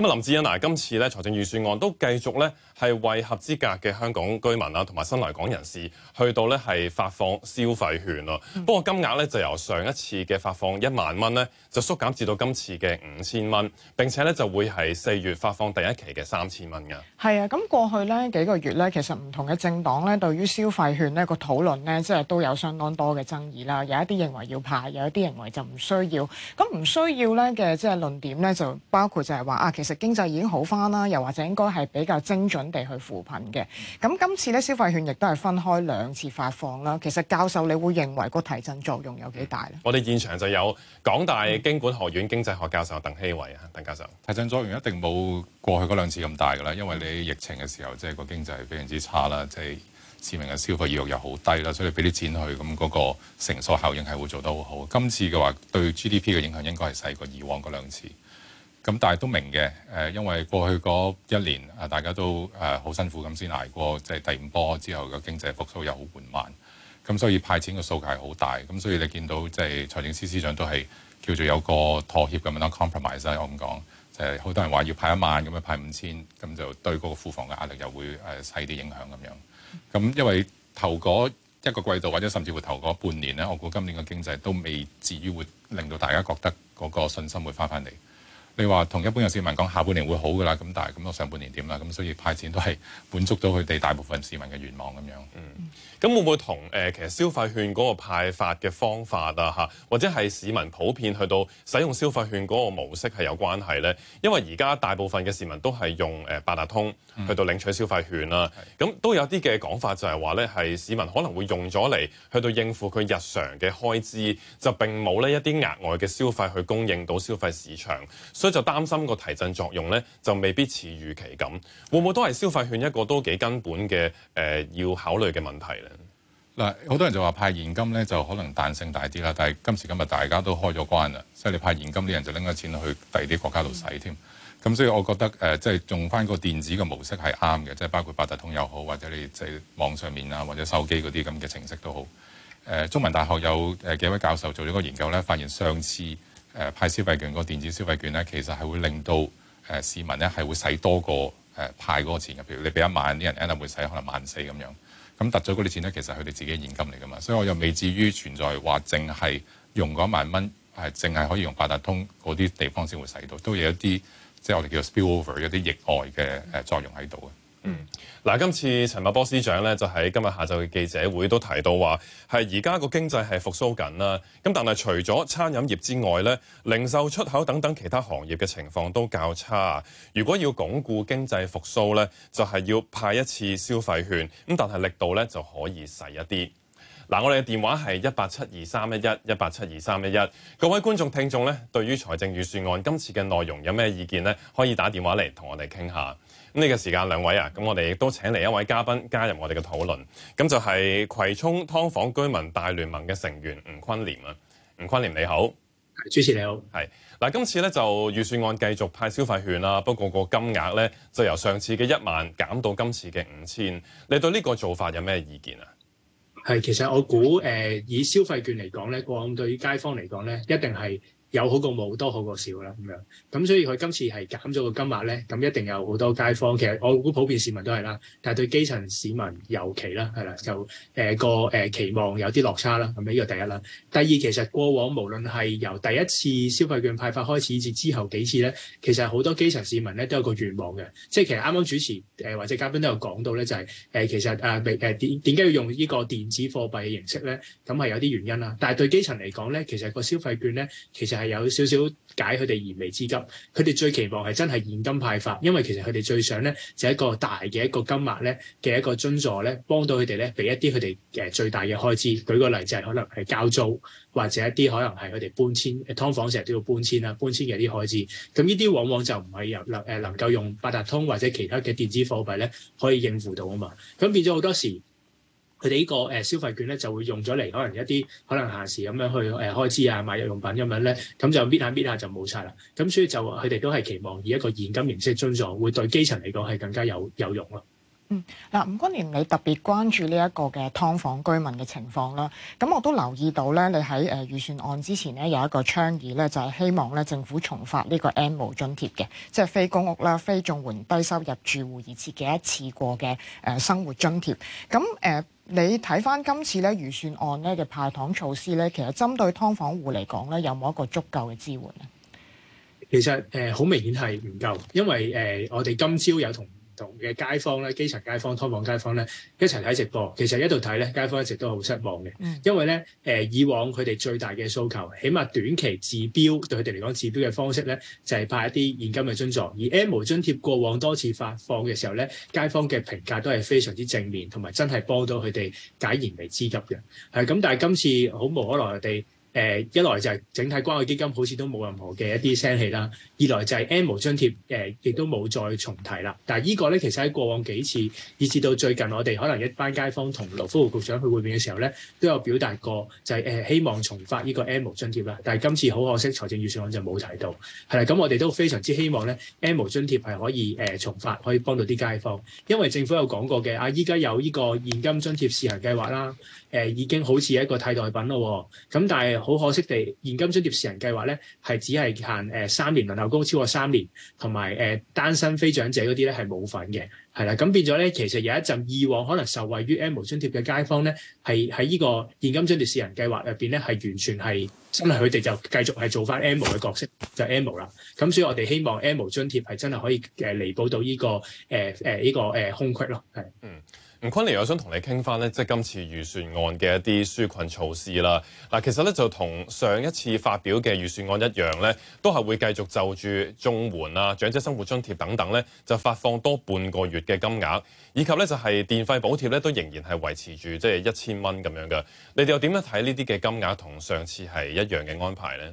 Speaker 5: 咁啊，林志恩嗱，今次咧財政預算案都繼續咧係為合資格嘅香港居民啊，同埋新來港人士去到咧係發放消費券咯。嗯，不過金額咧就由上一次嘅發放一萬蚊咧，就縮減至到今次嘅五千蚊。並且咧就會係四月發放第一期嘅三千蚊㗎。
Speaker 4: 係啊，咁過去咧幾個月咧，其實唔同嘅政黨咧對於消費券咧個討論咧，即係都有相當多嘅爭議啦。有一啲認為要派，有一啲認為就唔需要。咁唔需要咧嘅即係論點咧，就包括就係話啊，其實。其實經濟已經好返啦，又或者應該係比較精準地去扶貧嘅。咁今次咧消費券亦都係分開兩次發放啦。其實教授，你會認為個提振作用有幾大咧？
Speaker 5: 我哋現場就有港大經管學院經濟學教授鄧希偉啊。鄧教授，提
Speaker 6: 振作用一定冇過去嗰兩次咁大噶啦，因為你疫情嘅時候即係、就是、個經濟係非常之差啦，即、就、係、是、市民嘅消費意欲又好低啦，所以你俾啲錢去咁，嗰個乘數效應係會做得好好。今次嘅話對 GDP 嘅影響應該係細過以往嗰兩次。咁但係都明嘅，誒，因為過去嗰一年啊，大家都誒好辛苦咁先挨過，即係第五波之後嘅經濟復甦又好緩慢。咁所以派錢嘅數額係好大。咁所以你見到即係財政司司長都係叫做有個妥協咁樣啦，compromise，我咁講就係好多人話要派一萬咁啊，派五千咁就對嗰個庫房嘅壓力又會誒細啲影響咁樣。咁因為頭嗰一個季度或者甚至乎頭嗰半年咧，我估今年嘅經濟都未至於會令到大家覺得嗰個信心會返返嚟。你話同一般嘅市民講下半年會好㗎啦，咁但係咁，我上半年點啦？咁所以派錢都係滿足到佢哋大部分市民嘅願望咁樣。
Speaker 5: 嗯，咁會唔會同誒、呃、其實消費券嗰個派發嘅方法啊，嚇，或者係市民普遍去到使用消費券嗰個模式係有關係咧？因為而家大部分嘅市民都係用誒、呃、八達通去到領取消費券啦、啊。咁、嗯、都有啲嘅講法就係話咧，係市民可能會用咗嚟去到應付佢日常嘅開支，就並冇咧一啲額外嘅消費去供應到消費市場，所以。所以就擔心個提振作用咧，就未必似預期咁，會唔會都係消費券一個都幾根本嘅誒、呃、要考慮嘅問題咧？
Speaker 6: 嗱，好多人就話派現金咧，就可能彈性大啲啦。但係今時今日大家都開咗關啦，即係你派現金啲人就拎咗錢去第二啲國家度使添。咁、嗯、所以我覺得誒，即、呃、係、就是、用翻個電子嘅模式係啱嘅，即、就、係、是、包括八達通又好，或者你即係網上面啊，或者手機嗰啲咁嘅程式都好。誒、呃，中文大學有誒、呃、幾位教授做咗個研究咧，發現上次。誒，派消費券，個電子消費券咧，其實係會令到誒、呃、市民咧係會使多個誒、呃、派嗰個錢嘅，譬如你俾一萬，啲人可能會使可能萬四咁樣。咁揼咗嗰啲錢咧，其實佢哋自己現金嚟噶嘛，所以我又未至於存在話淨係用嗰一萬蚊係淨係可以用八達通嗰啲地方先會使到，都有一啲即係我哋叫做 spillover，有啲額外嘅誒、嗯、作用喺度啊。嗯，嗱，今次陳茂波
Speaker 5: 司長咧就喺今日下晝嘅記者會都提到話，係而家個經濟係復甦緊啦。咁但係除咗餐飲業之外咧，零售出口等等其他行業嘅情況都較差。如果要鞏固經濟復甦咧，就係要派一次消費券，咁但係力度咧就可以細一啲。嗱，我哋嘅電話係一八七二三一一，一八七二三一一。各位觀眾聽眾咧，對於財政預算案今次嘅內容有咩意見咧？可以打電話嚟同我哋傾下。咁、這、呢個時間兩位啊，咁我哋亦都請嚟一位嘉賓加入我哋嘅討論。咁就係、是、葵涌劏房居民大聯盟嘅成員吳坤廉啊，吳坤廉你好，主持你好。係嗱，今次咧就預算案繼續派消費券啦，不過個金額咧就由上次嘅一萬減到今次嘅五千。你對呢個做法有咩意見啊？
Speaker 2: 係，其實我估誒、呃、以消費券嚟講咧，過往對於街坊嚟講咧，一定係有好過冇，多好過少啦，咁樣，咁所以佢今次係減咗個金額咧，咁一定有好多街坊，其實我估普遍市民都係啦，但係對基層市民尤其啦，係啦，就誒個誒期望有啲落差啦，咁呢個第一啦。第二其實過往無論係由第一次消費券派發開始至之後幾次咧，其實好多基層市民咧都有個願望嘅，即係其實啱啱主持誒、呃、或者嘉賓都有講到咧，就係、係、誒、呃、其實誒誒點點解要用呢個電子貨幣嘅形式咧，咁係有啲原因啦。但係對基層嚟講咧，其實個消費券咧，其實係有少少解佢哋燃眉之急，佢哋最期望係真係現金派發，因為其實佢哋最想咧就係一個大嘅一個金額咧嘅一個津助咧，幫到佢哋咧俾一啲佢哋誒最大嘅開支。舉個例就係可能係交租或者一啲可能係佢哋搬遷，劏房成日都要搬遷啦，搬遷嘅啲開支，咁呢啲往往就唔係由能誒能夠用八達通或者其他嘅電子貨幣咧可以應付到啊嘛，咁變咗好多時。佢哋呢個誒消費券咧就會用咗嚟，可能一啲可能閒時咁樣去誒開支啊、買日用品咁樣咧，咁就搣下搣下就冇晒啦。咁所以就話佢哋都係期望以一個現金形式津助，會對基層嚟講係更加有有用咯。嗯，
Speaker 4: 嗱，五君年，你特別關注呢一個嘅劏房居民嘅情況啦。咁我都留意到咧，你喺誒預算案之前咧有一個倡議咧，就係、是、希望咧政府重發呢個 N 無津貼嘅，即係非公屋啦、非綜援低收入住戶而設嘅一次過嘅誒、呃、生活津貼。咁誒。呃你睇翻今次咧預算案咧嘅派糖措施咧，其實針對劏房戶嚟講咧，有冇一個足夠嘅支援咧？
Speaker 2: 其實誒好、呃、明顯係唔夠，因為誒、呃、我哋今朝有同。同嘅街坊咧，基層街坊、劏房街坊咧，一齊睇直播，其實一度睇咧，街坊一直都好失望嘅，因為咧，誒、呃、以往佢哋最大嘅訴求，起碼短期治標對佢哋嚟講治標嘅方式咧，就係、是、派一啲現金嘅津助，而 M 津貼過往多次發放嘅時候咧，街坊嘅評價都係非常之正面，同埋真係幫到佢哋解燃眉之急嘅，係咁，但係今次好無可能哋。誒、呃、一來就係整體關愛基金好似都冇任何嘅一啲聲氣啦，二來就係 M, m 津貼誒、呃，亦都冇再重提啦。但係依個咧，其實喺過往幾次，以至到最近，我哋可能一班街坊同勞福局局長去會面嘅時候咧，都有表達過、就是，就係誒希望重發呢個 M, m 津貼啦。但係今次好可惜，財政預算案就冇提到。係啦，咁我哋都非常之希望咧，M, m 津貼係可以誒、呃、重發，可以幫到啲街坊，因為政府有講過嘅，啊依家有呢個現金津貼試行計劃啦。誒、呃、已經好似一個替代品咯、哦，咁但係好可惜地，現金津貼試行計劃咧係只係限誒三年，輪候期超過三年，同埋誒單身非長者嗰啲咧係冇份嘅，係啦，咁變咗咧其實有一陣以往可能受惠於 N 無津貼嘅街坊咧，係喺呢個現金津貼試行計劃入邊咧係完全係真係佢哋就繼續係做翻 N 無嘅角色，就是、N 無啦，咁所以我哋希望 N 無津貼係真係可以誒彌補到呢、這個誒誒依個誒、呃、空隙咯，係嗯。
Speaker 5: 唔，吳坤尼，我想同你傾返咧，即係今次預算案嘅一啲紓困措施啦。嗱，其實咧就同上一次發表嘅預算案一樣咧，都係會繼續就住綜援啊、長者生活津貼等等咧，就發放多半個月嘅金額，以及咧就係電費補貼咧都仍然係維持住即係一千蚊咁樣嘅。你哋又點樣睇呢啲嘅金額同上次係一樣嘅安排咧？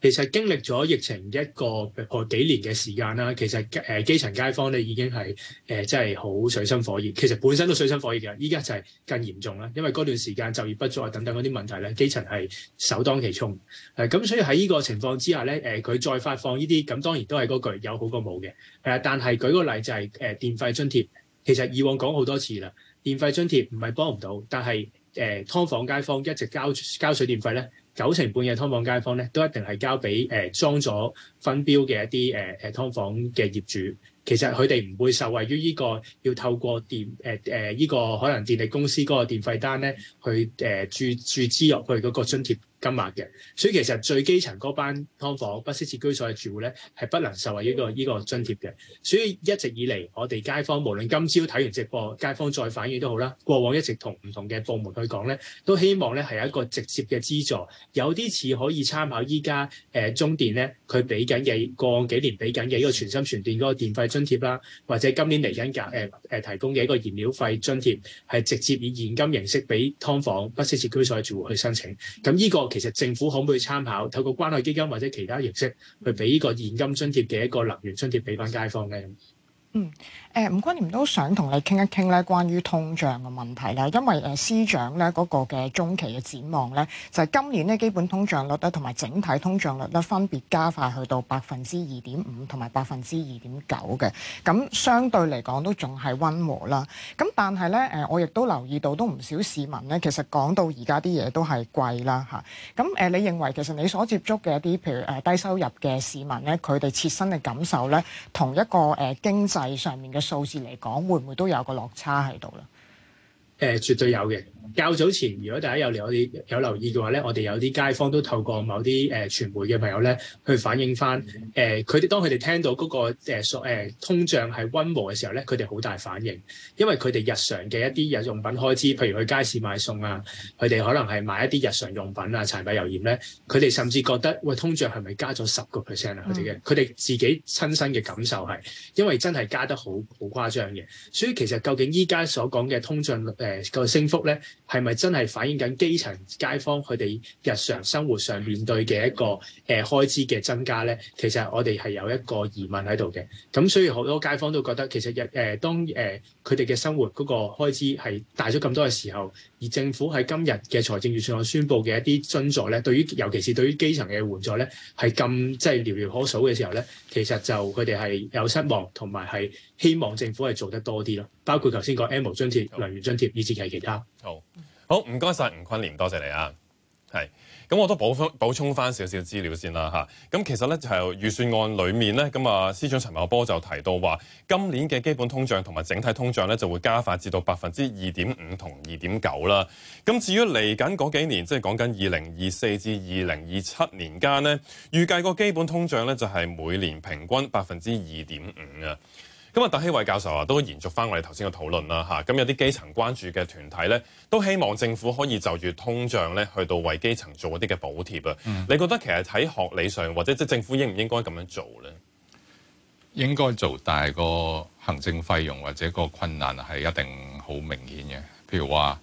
Speaker 2: 其實經歷咗疫情一個何幾年嘅時間啦，其實誒基層、呃、街坊咧已經係誒、呃、真係好水深火熱。其實本身都水深火熱嘅，依家就係更嚴重啦。因為嗰段時間就業不足等等嗰啲問題咧，基層係首當其衝。誒、呃、咁，所以喺呢個情況之下咧，誒、呃、佢再發放呢啲，咁當然都係嗰句有好過冇嘅。係、呃、但係舉個例就係、是、誒、呃、電費津貼，其實以往講好多次啦。電費津貼唔係幫唔到，但係誒、呃、劏房街坊一直交交水電費咧。九成半嘅劏房街坊咧，都一定係交俾誒裝咗分標嘅一啲誒誒劏房嘅業主。其實佢哋唔會受惠於呢、呢個要透過電誒誒呢個可能電力公司嗰個電費單咧去誒、呃、注注資入去嗰個津貼。金額嘅，所以其實最基層嗰班劏房、不適切居所嘅住戶咧，係不能受惠於呢個呢、呢個津貼嘅。所以一直以嚟，我哋街坊無論今朝睇完直播，街坊再反映都好啦。過往一直同唔同嘅部門去講咧，都希望咧係一個直接嘅資助。有啲似可以參考依家誒中電咧，佢俾緊嘅過往幾年俾緊嘅一個全心傳電嗰個電費津貼啦，或者今年嚟緊嘅誒誒提供嘅一個燃料費津貼，係直接以現金形式俾劏房、不適切居所嘅住戶去申請。咁依個。其實政府可唔可以參考透過關愛基金或者其他形式，去俾呢個現金津貼嘅一個能源津貼俾翻街坊咧？嗯。
Speaker 4: 誒，伍冠賢都想同你傾一傾咧，關於通脹嘅問題咧，因為誒司長咧嗰個嘅中期嘅展望咧，就係今年咧基本通脹率咧同埋整體通脹率咧分別加快去到百分之二點五同埋百分之二點九嘅，咁相對嚟講都仲係溫和啦。咁但係咧誒，我亦都留意到都唔少市民咧，其實講到而家啲嘢都係貴啦嚇。咁誒，你認為其實你所接觸嘅一啲譬如誒低收入嘅市民咧，佢哋切身嘅感受咧，同一個誒經濟上面嘅，數字嚟講，會唔會都有個落差喺度咧？
Speaker 2: 誒，絕對有嘅。較早前，如果大家有留意、有留意嘅話咧，我哋有啲街坊都透過某啲誒、呃、傳媒嘅朋友咧，去反映返誒，佢、呃、哋當佢哋聽到嗰、那個誒、呃、通脹係溫和嘅時候咧，佢哋好大反應，因為佢哋日常嘅一啲日用品開支，譬如去街市買餸啊，佢哋可能係買一啲日常用品啊、柴米油鹽咧，佢哋甚至覺得喂，通脹係咪加咗十個 percent 啊？佢哋嘅，佢哋、嗯、自己親身嘅感受係因為真係加得好好誇張嘅，所以其實究竟依家所講嘅通脹誒、呃、那個升幅咧？係咪真係反映緊基層街坊佢哋日常生活上面對嘅一個誒、呃、開支嘅增加咧？其實我哋係有一個疑問喺度嘅，咁所以好多街坊都覺得其實日誒、呃、當誒佢哋嘅生活嗰個開支係大咗咁多嘅時候，而政府喺今日嘅財政預算案宣佈嘅一啲津助咧，對於尤其是對於基層嘅援助咧，係咁即係寥寥可數嘅時候咧，其實就佢哋係有失望同埋係希望政府係做得多啲咯，包括頭先講 MO 津貼、能源
Speaker 5: 好津貼，以至係其他。好，好唔該晒，吳坤廉，多謝你啊，係。咁我都補翻補充翻少少資料先啦嚇。咁、啊、其實咧就係、是、預算案裡面咧，咁啊司長陳茂波就提到話，今年嘅基本通脹同埋整體通脹咧就會加快至到百分之二點五同二點九啦。咁、啊、至於嚟緊嗰幾年，即係講緊二零二四至二零二七年間呢，預計個基本通脹咧就係、是、每年平均百分之二點五啊。咁啊，鄧希煒教授啊，都延續翻我哋頭先嘅討論啦，吓，咁有啲基層關注嘅團體咧，都希望政府可以就住通脹咧，去到為基層做一啲嘅補貼啊。你覺得其實喺學理上或者即係政府應唔應該咁樣做咧？
Speaker 6: 應該做，但係個行政費用或者個困難係一定好明顯嘅。譬如話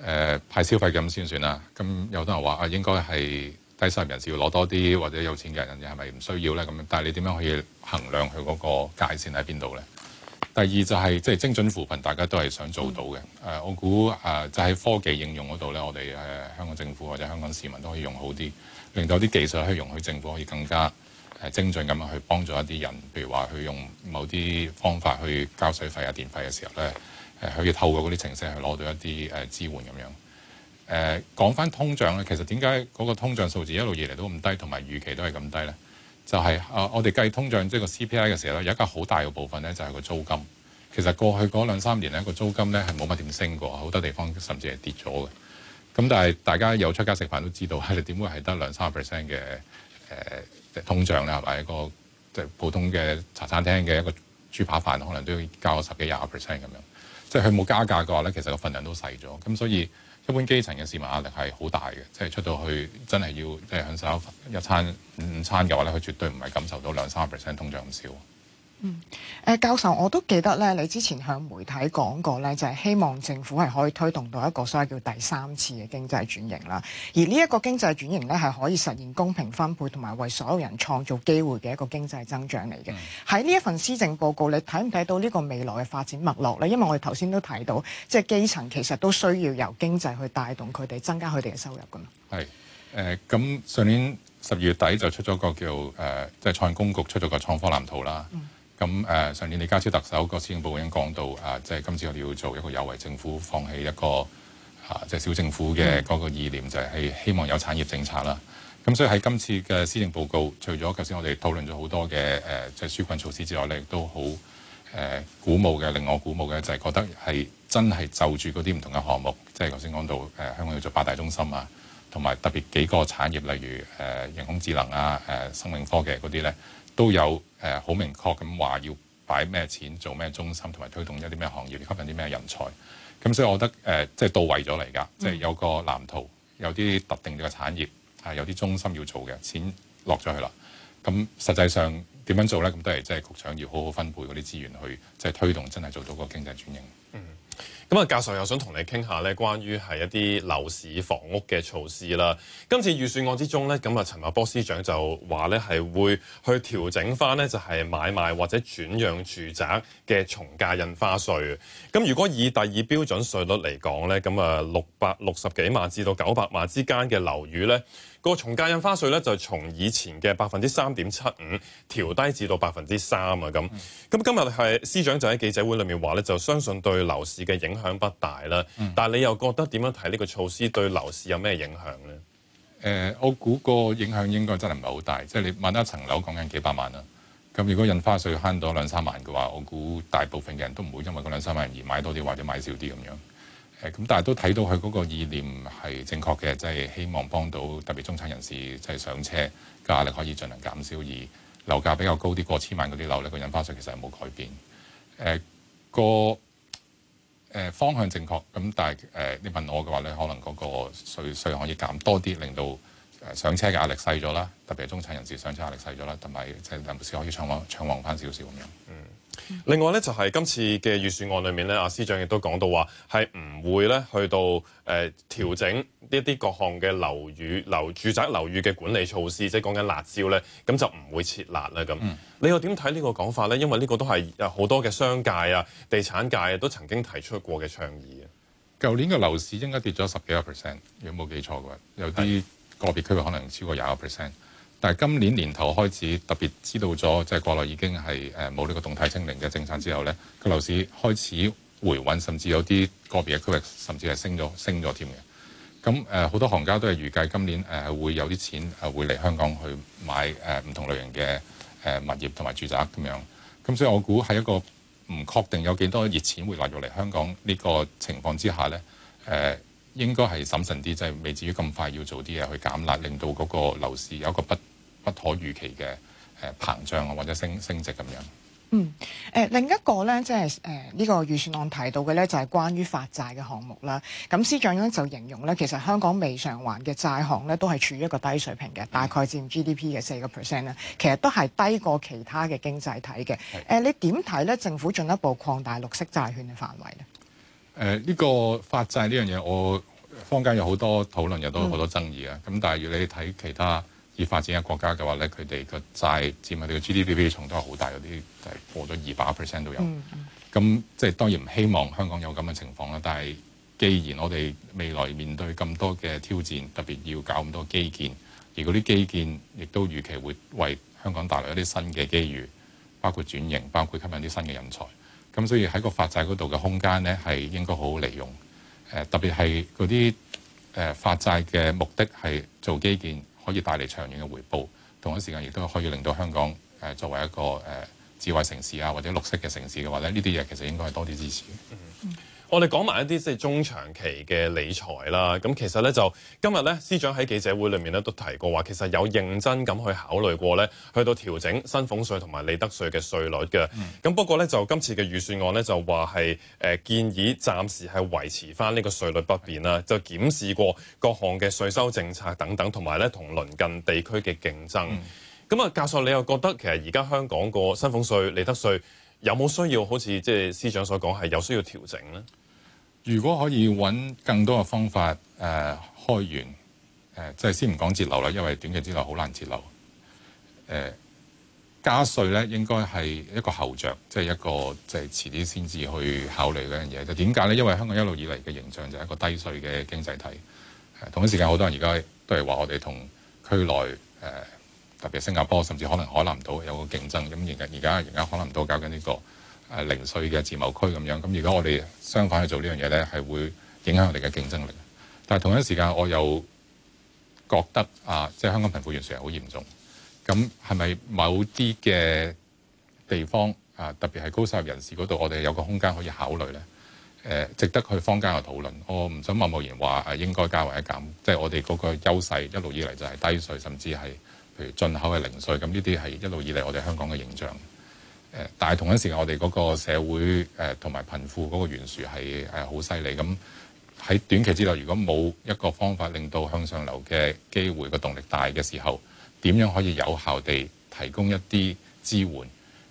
Speaker 6: 誒、呃、派消費咁先算啦，咁有啲人話啊、呃、應該係。低收入人士要攞多啲，或者有錢嘅人，你係咪唔需要咧？咁樣，但係你點樣可以衡量佢嗰個界線喺邊度咧？第二就係即係精準扶貧，大家都係想做到嘅。誒，嗯 uh, 我估誒、uh, 就喺科技應用嗰度咧，我哋誒、uh, 香港政府或者香港市民都可以用好啲，令到啲技術可以容許政府可以更加誒精準咁樣去幫助一啲人。譬如話去用某啲方法去交水費啊、電費嘅時候咧，誒、uh,，可以透過嗰啲程式去攞到一啲誒、uh, 支援咁樣。誒講翻通脹咧，其實點解嗰個通脹數字一路以嚟都咁低，同埋預期都係咁低咧？就係、是、啊，我哋計通脹即係個 CPI 嘅時候咧，有一間好大嘅部分咧就係、是、個租金。其實過去嗰兩三年咧、那個租金咧係冇乜點升過，好多地方甚至係跌咗嘅。咁、嗯、但係大家有出街食飯都知道，係你點會係得兩三十 percent 嘅誒通脹咧？係咪個即係、就是、普通嘅茶餐廳嘅一個豬扒飯，可能都要交十幾廿 percent 咁樣？即係佢冇加價嘅話咧，其實個份量都細咗，咁所以。一般基、基層嘅市民壓力係好大嘅，即係出到去真係要即係享受一餐午餐嘅話咧，佢絕對唔係感受到兩三個 percent 通脹咁少。
Speaker 4: 嗯，教授，我都記得咧，你之前向媒體講過咧，就係、是、希望政府係可以推動到一個所謂叫第三次嘅經濟轉型啦。而呢一個經濟轉型咧，係可以實現公平分配同埋為所有人創造機會嘅一個經濟增長嚟嘅。喺呢一份施政報告，你睇唔睇到呢個未來嘅發展脈絡咧？因為我哋頭先都睇到，即係基層其實都需要由經濟去帶動佢哋增加佢哋嘅收入噶嘛。
Speaker 6: 係誒，咁、呃、上年十二月底就出咗個叫誒，即係創工局出咗個創科藍圖啦。嗯。咁誒，上年李家超特首個施政報告已經講到啊，即係今次我哋要做一個有為政府，放棄一個啊，即係小政府嘅嗰個意念，就係希望有產業政策啦。咁所以喺今次嘅施政報告，除咗頭先我哋討論咗好多嘅誒，即係紓困措施之外咧，亦都好誒鼓舞嘅。令我鼓舞嘅就係覺得係真係就住嗰啲唔同嘅項目，即係頭先講到誒香港要做八大中心啊，同埋特別幾個產業，例如誒人工智能啊、誒生命科嘅嗰啲咧，都有。誒好、uh，明確咁話要擺咩錢做咩中心，同埋推動一啲咩行業，要吸引啲咩人才。咁所以我覺得誒即係到位咗嚟㗎，即係、嗯、有個藍圖，有啲特定嘅產業係有啲中心要做嘅，錢落咗去啦。咁實際上點樣做咧？咁都係即係局長要好好分配嗰啲資源去，即、就、係、是、推動真係做到個經濟轉型。嗯。咁啊，教
Speaker 5: 授又想同你傾下咧，關於係一啲樓市房屋嘅措施啦。今次預算案之中咧，咁啊，陳茂波司長就話咧係會去調整翻咧，就係買賣或者轉讓住宅嘅從價印花稅。咁如果以第二標準稅率嚟講咧，咁啊六百六十幾萬至到九百萬之間嘅樓宇咧，個從價印花稅咧就從以前嘅百分之三點七五調低至到百分之三啊，咁。咁、嗯、今日係司長就喺記者會裏面話咧，就相信對樓市嘅影響不大啦。嗯、但係你又覺得點樣睇呢個措施對樓市有咩影響咧？
Speaker 6: 誒、呃，我估個影響應該真係唔係好大。即、就、係、是、你買一層樓講緊幾百萬啦，咁如果印花稅慳到兩三萬嘅話，我估大部分嘅人都唔會因為嗰兩三萬而買多啲或者買少啲咁樣。咁但係都睇到佢嗰個意念係正確嘅，即係希望幫到特別中產人士，即係上車嘅壓力可以盡量減少，而樓價比較高啲過千萬嗰啲樓咧，個印花稅其實係冇改變。誒個誒方向正確，咁但係誒你問我嘅話咧，可能嗰個稅稅可以減多啲，令到上車嘅壓力細咗啦，特別係中產人士上車壓力細咗啦，同埋即係樓市可以暢旺暢旺翻少少咁樣。嗯。
Speaker 5: 另外咧，就係、是、今次嘅預算案裏面咧，阿司長亦都講到話，係唔會咧去到誒、呃、調整一啲各項嘅樓宇、樓住宅樓宇嘅管理措施，即係講緊辣招咧，咁就唔會撤辣啦咁。嗯、你又點睇呢個講法咧？因為呢個都係好多嘅商界啊、地產界、啊、都曾經提出過嘅倡議啊。
Speaker 6: 舊年嘅樓市應該跌咗十幾個 percent，有冇記錯嘅話，有啲個別區域可能超過廿個 percent。但係今年年頭開始特別知道咗，即係國內已經係誒冇呢個動態清零嘅政策之後咧，個樓市開始回穩，甚至有啲個別嘅區域甚至係升咗升咗添嘅。咁誒好多行家都係預計今年誒、呃、會有啲錢誒、呃、會嚟香港去買誒唔、呃、同類型嘅誒、呃、物業同埋住宅咁樣。咁、嗯、所以我估喺一個唔確定有幾多熱錢會流入嚟香港呢個情況之下咧，誒、呃、應該係審慎啲，即、就、係、是、未至於咁快要做啲嘢去減壓，令到嗰個樓市有一個不不可預期嘅誒膨脹啊，或者升升值咁樣。嗯，
Speaker 4: 誒、呃、另一個咧，即係誒呢個預算案提到嘅咧，就係、是、關於發債嘅項目啦。咁、嗯、司長，長就形容咧，其實香港未償還嘅債項咧都係處於一個低水平嘅，嗯、大概佔 GDP 嘅四個 percent 啦。其實都係低過其他嘅經濟體嘅。誒是、呃，你點睇咧？政府進一步擴大綠色債券嘅範圍咧？
Speaker 6: 誒、呃，呢、這個發債呢樣嘢，我坊間有好多討論，有都有好多爭議啊。咁但係如果你睇其他。以發展嘅國家嘅話咧，佢哋個債佔佢哋嘅 GDP 比重都係好大，有啲係過咗二百 percent 都有。咁、mm hmm. 即係當然唔希望香港有咁嘅情況啦。但係既然我哋未來面對咁多嘅挑戰，特別要搞咁多基建，而嗰啲基建亦都預期會為香港帶來一啲新嘅機遇，包括轉型，包括吸引啲新嘅人才。咁所以喺個發債嗰度嘅空間咧，係應該好好利用。誒、呃，特別係嗰啲誒發債嘅目的係做基建。可以帶嚟長遠嘅回報，同一時間亦都可以令到香港，呃，作為一個，呃，智慧城市啊，或者綠色嘅城市嘅話咧，呢啲嘢其實應該係多啲支持。Mm hmm.
Speaker 5: 我哋講埋一啲即係中長期嘅理財啦，咁其實咧就今日咧司長喺記者會裏面咧都提過話，其實有認真咁去考慮過咧，去到調整薪俸稅同埋利得稅嘅稅率嘅。咁、嗯、不過咧就今次嘅預算案咧就話係誒建議暫時係維持翻呢個稅率不變啦，嗯、就檢視過各項嘅稅收政策等等，同埋咧同鄰近地區嘅競爭。咁啊、嗯，教授你又覺得其實而家香港個薪俸稅、利得稅？有冇需要好似即係司長所講，係有需要調整
Speaker 6: 咧？如果可以揾更多嘅方法，誒、呃，開源，誒、呃，即係先唔講節流啦，因為短期之內好難節流。誒、呃，加稅咧，應該係一個後着，即係一個即係遲啲先至去考慮嗰樣嘢。就點解咧？因為香港一路以嚟嘅形象就係一個低稅嘅經濟體。誒、呃、同一時間，好多人而家都係話我哋同區內誒。呃特別新加坡甚至可能海南島有個競爭咁而家而家而家海南島搞緊呢個零碎嘅自貿區咁樣。咁如果我哋相反去做呢樣嘢咧，係會影響我哋嘅競爭力。但係同一時間，我又覺得啊，即係香港貧富懸殊係好嚴重。咁係咪某啲嘅地方啊，特別係高收入人士嗰度，我哋有個空間可以考慮咧？誒、啊，值得去坊間去討論。我唔想貿貿然話誒，應該加或係減，即係我哋嗰個優勢一路以嚟就係低稅，甚至係。譬如進口嘅零稅，咁呢啲係一路以嚟我哋香港嘅形象。但係同一時間，我哋嗰個社會誒同埋貧富嗰個懸殊係係好犀利。咁喺短期之內，如果冇一個方法令到向上流嘅機會個動力大嘅時候，點樣可以有效地提供一啲支援？誒，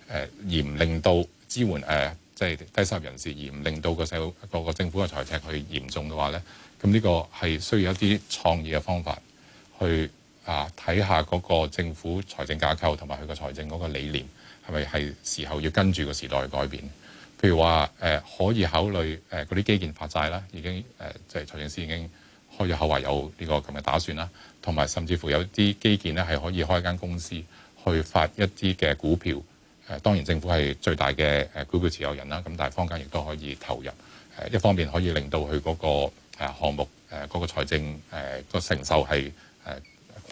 Speaker 6: 而唔令到支援誒，即、呃、係、就是、低收入人士，而唔令到個社會、嗰個政府嘅財赤去嚴重嘅話咧，咁呢個係需要一啲創意嘅方法去。啊！睇下嗰個政府財政架構，同埋佢個財政嗰個理念，係咪係時候要跟住個時代改變？譬如話誒、呃，可以考慮誒嗰啲基建發債啦，已經誒即係財政司已經開咗口話有呢個咁嘅打算啦。同埋甚至乎有啲基建咧，係可以開間公司去發一啲嘅股票誒、呃。當然政府係最大嘅誒股票持有人啦，咁但係坊間亦都可以投入誒、呃。一方面可以令到佢嗰個誒項目誒嗰、呃嗰個財政誒、呃嗰個承受係。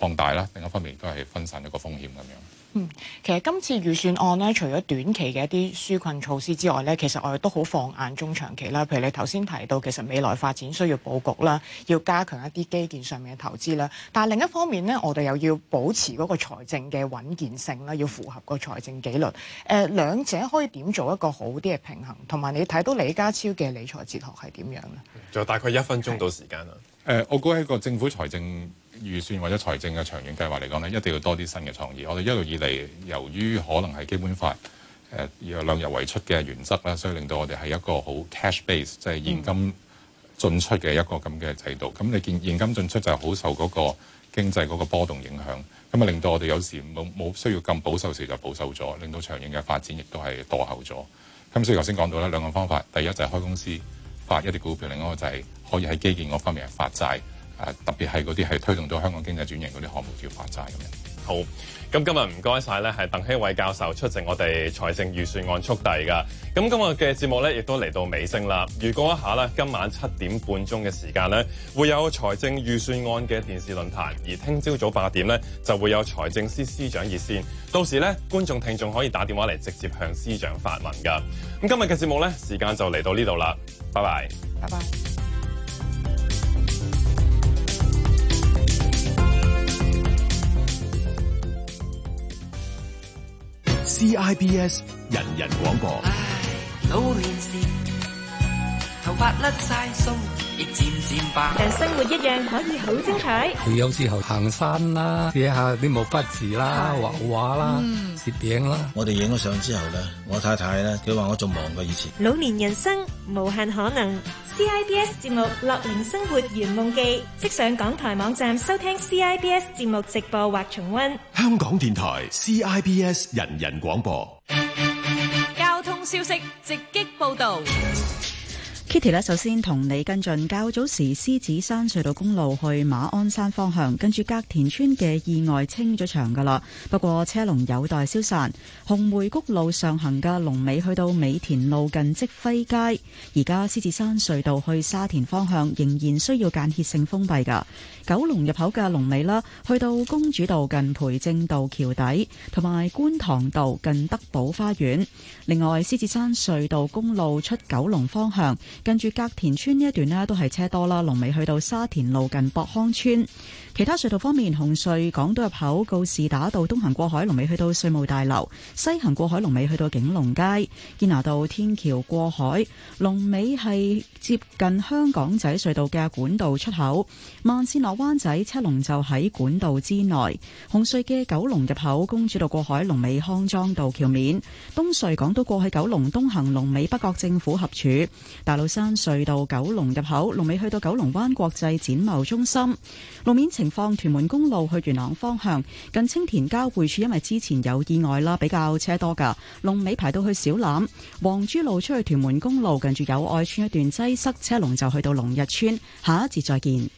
Speaker 6: 放大啦，另一方面都係分散一個風險咁樣。嗯，
Speaker 4: 其實今次預算案咧，除咗短期嘅一啲紓困措施之外咧，其實我哋都好放眼中長期啦。譬如你頭先提到，其實未來發展需要布局啦，要加強一啲基建上面嘅投資啦。但係另一方面咧，我哋又要保持嗰個財政嘅穩健性啦，要符合個財政紀律。誒、呃，兩者可以點做一個好啲嘅平衡？同埋你睇到李家超嘅理財哲學係點樣咧？
Speaker 6: 就、嗯、大概一分鐘到時間啦。誒、呃，我估喺個政府財政。預算或者財政嘅長遠計劃嚟講呢，一定要多啲新嘅創意。我哋一路以嚟，由於可能係基本法誒要量入為出嘅原則啦，所以令到我哋係一個好 cash base，即係現金進出嘅一個咁嘅制度。咁你見現金進出就係好受嗰個經濟嗰個波動影響，咁啊令到我哋有時冇冇需要咁保守時就保守咗，令到長遠嘅發展亦都係墜後咗。咁所以頭先講到啦，兩個方法，第一就係開公司發一啲股票，另一個就係可以喺基建嗰方面發債。特別係嗰啲係推動咗香港經濟轉型嗰啲項目叫發債咁樣。好，咁今日唔該晒，咧，係鄧希偉教授出席我哋財
Speaker 5: 政預算案速遞噶。咁今日嘅節目咧，亦都嚟到尾聲啦。預告一下咧，今晚七點半鐘嘅時間咧，會有財政預算案嘅電視論壇，而聽朝早八點咧，就會有財政司司長熱線。到時咧，觀眾聽眾可以打電話嚟直接向司長發問噶。咁今日嘅節目咧，時間就嚟到呢度啦。拜拜，拜拜。
Speaker 7: CIBS 人人廣播。
Speaker 3: 唉，老面像生活一樣可以好精彩。
Speaker 2: 退休之後行山啦，
Speaker 3: 寫
Speaker 7: 下啲毛筆字啦，畫畫啦，攝影、嗯、啦。我哋影咗相之後咧，我太太咧，佢話我仲忙過以前。
Speaker 3: 老年人生無限可能。CIBS
Speaker 8: 節目《樂齡生活圓夢記》，即上港台網站收聽 CIBS 節目直播或重溫。
Speaker 7: 香港電台 CIBS 人人廣播。
Speaker 3: 交通消息直擊報道。
Speaker 8: Kitty 咧，首先同你跟進。較早時獅子山隧道公路去馬鞍山方向，跟住隔田村嘅意外清咗場噶啦，不過車龍有待消散。紅梅谷路上行嘅龍尾去到美田路近積輝街，而家獅子山隧道去沙田方向仍然需要間歇性封閉噶。九龍入口嘅龍尾啦，去到公主道近培正道橋底，同埋觀塘道近德寶花園。另外，獅子山隧道公路出九龍方向。跟住隔田村呢一段咧，都係車多啦。龍尾去到沙田路近博康村。其他隧道方面，紅隧港島入口告士打道東行過海，龍尾去到稅務大樓；西行過海，龍尾去到景隆街、堅拿道天橋過海，龍尾係接近香港仔隧道嘅管道出口。慢綫落灣仔車龍就喺管道之內。紅隧嘅九龍入口公主道過海，龍尾康莊道橋面；東隧港島過去九龍東行，龍尾北角政府合署。大老山隧道九龍入口，龍尾去到九龍灣國際展貿中心路面。情況，屯門公路去元朗方向近青田交匯處，因為之前有意外啦，比較車多㗎。龍尾排到去小欖黃珠路出去屯門公路，近住友愛邨一段擠塞，車龍就去到龍日村。下一節再見。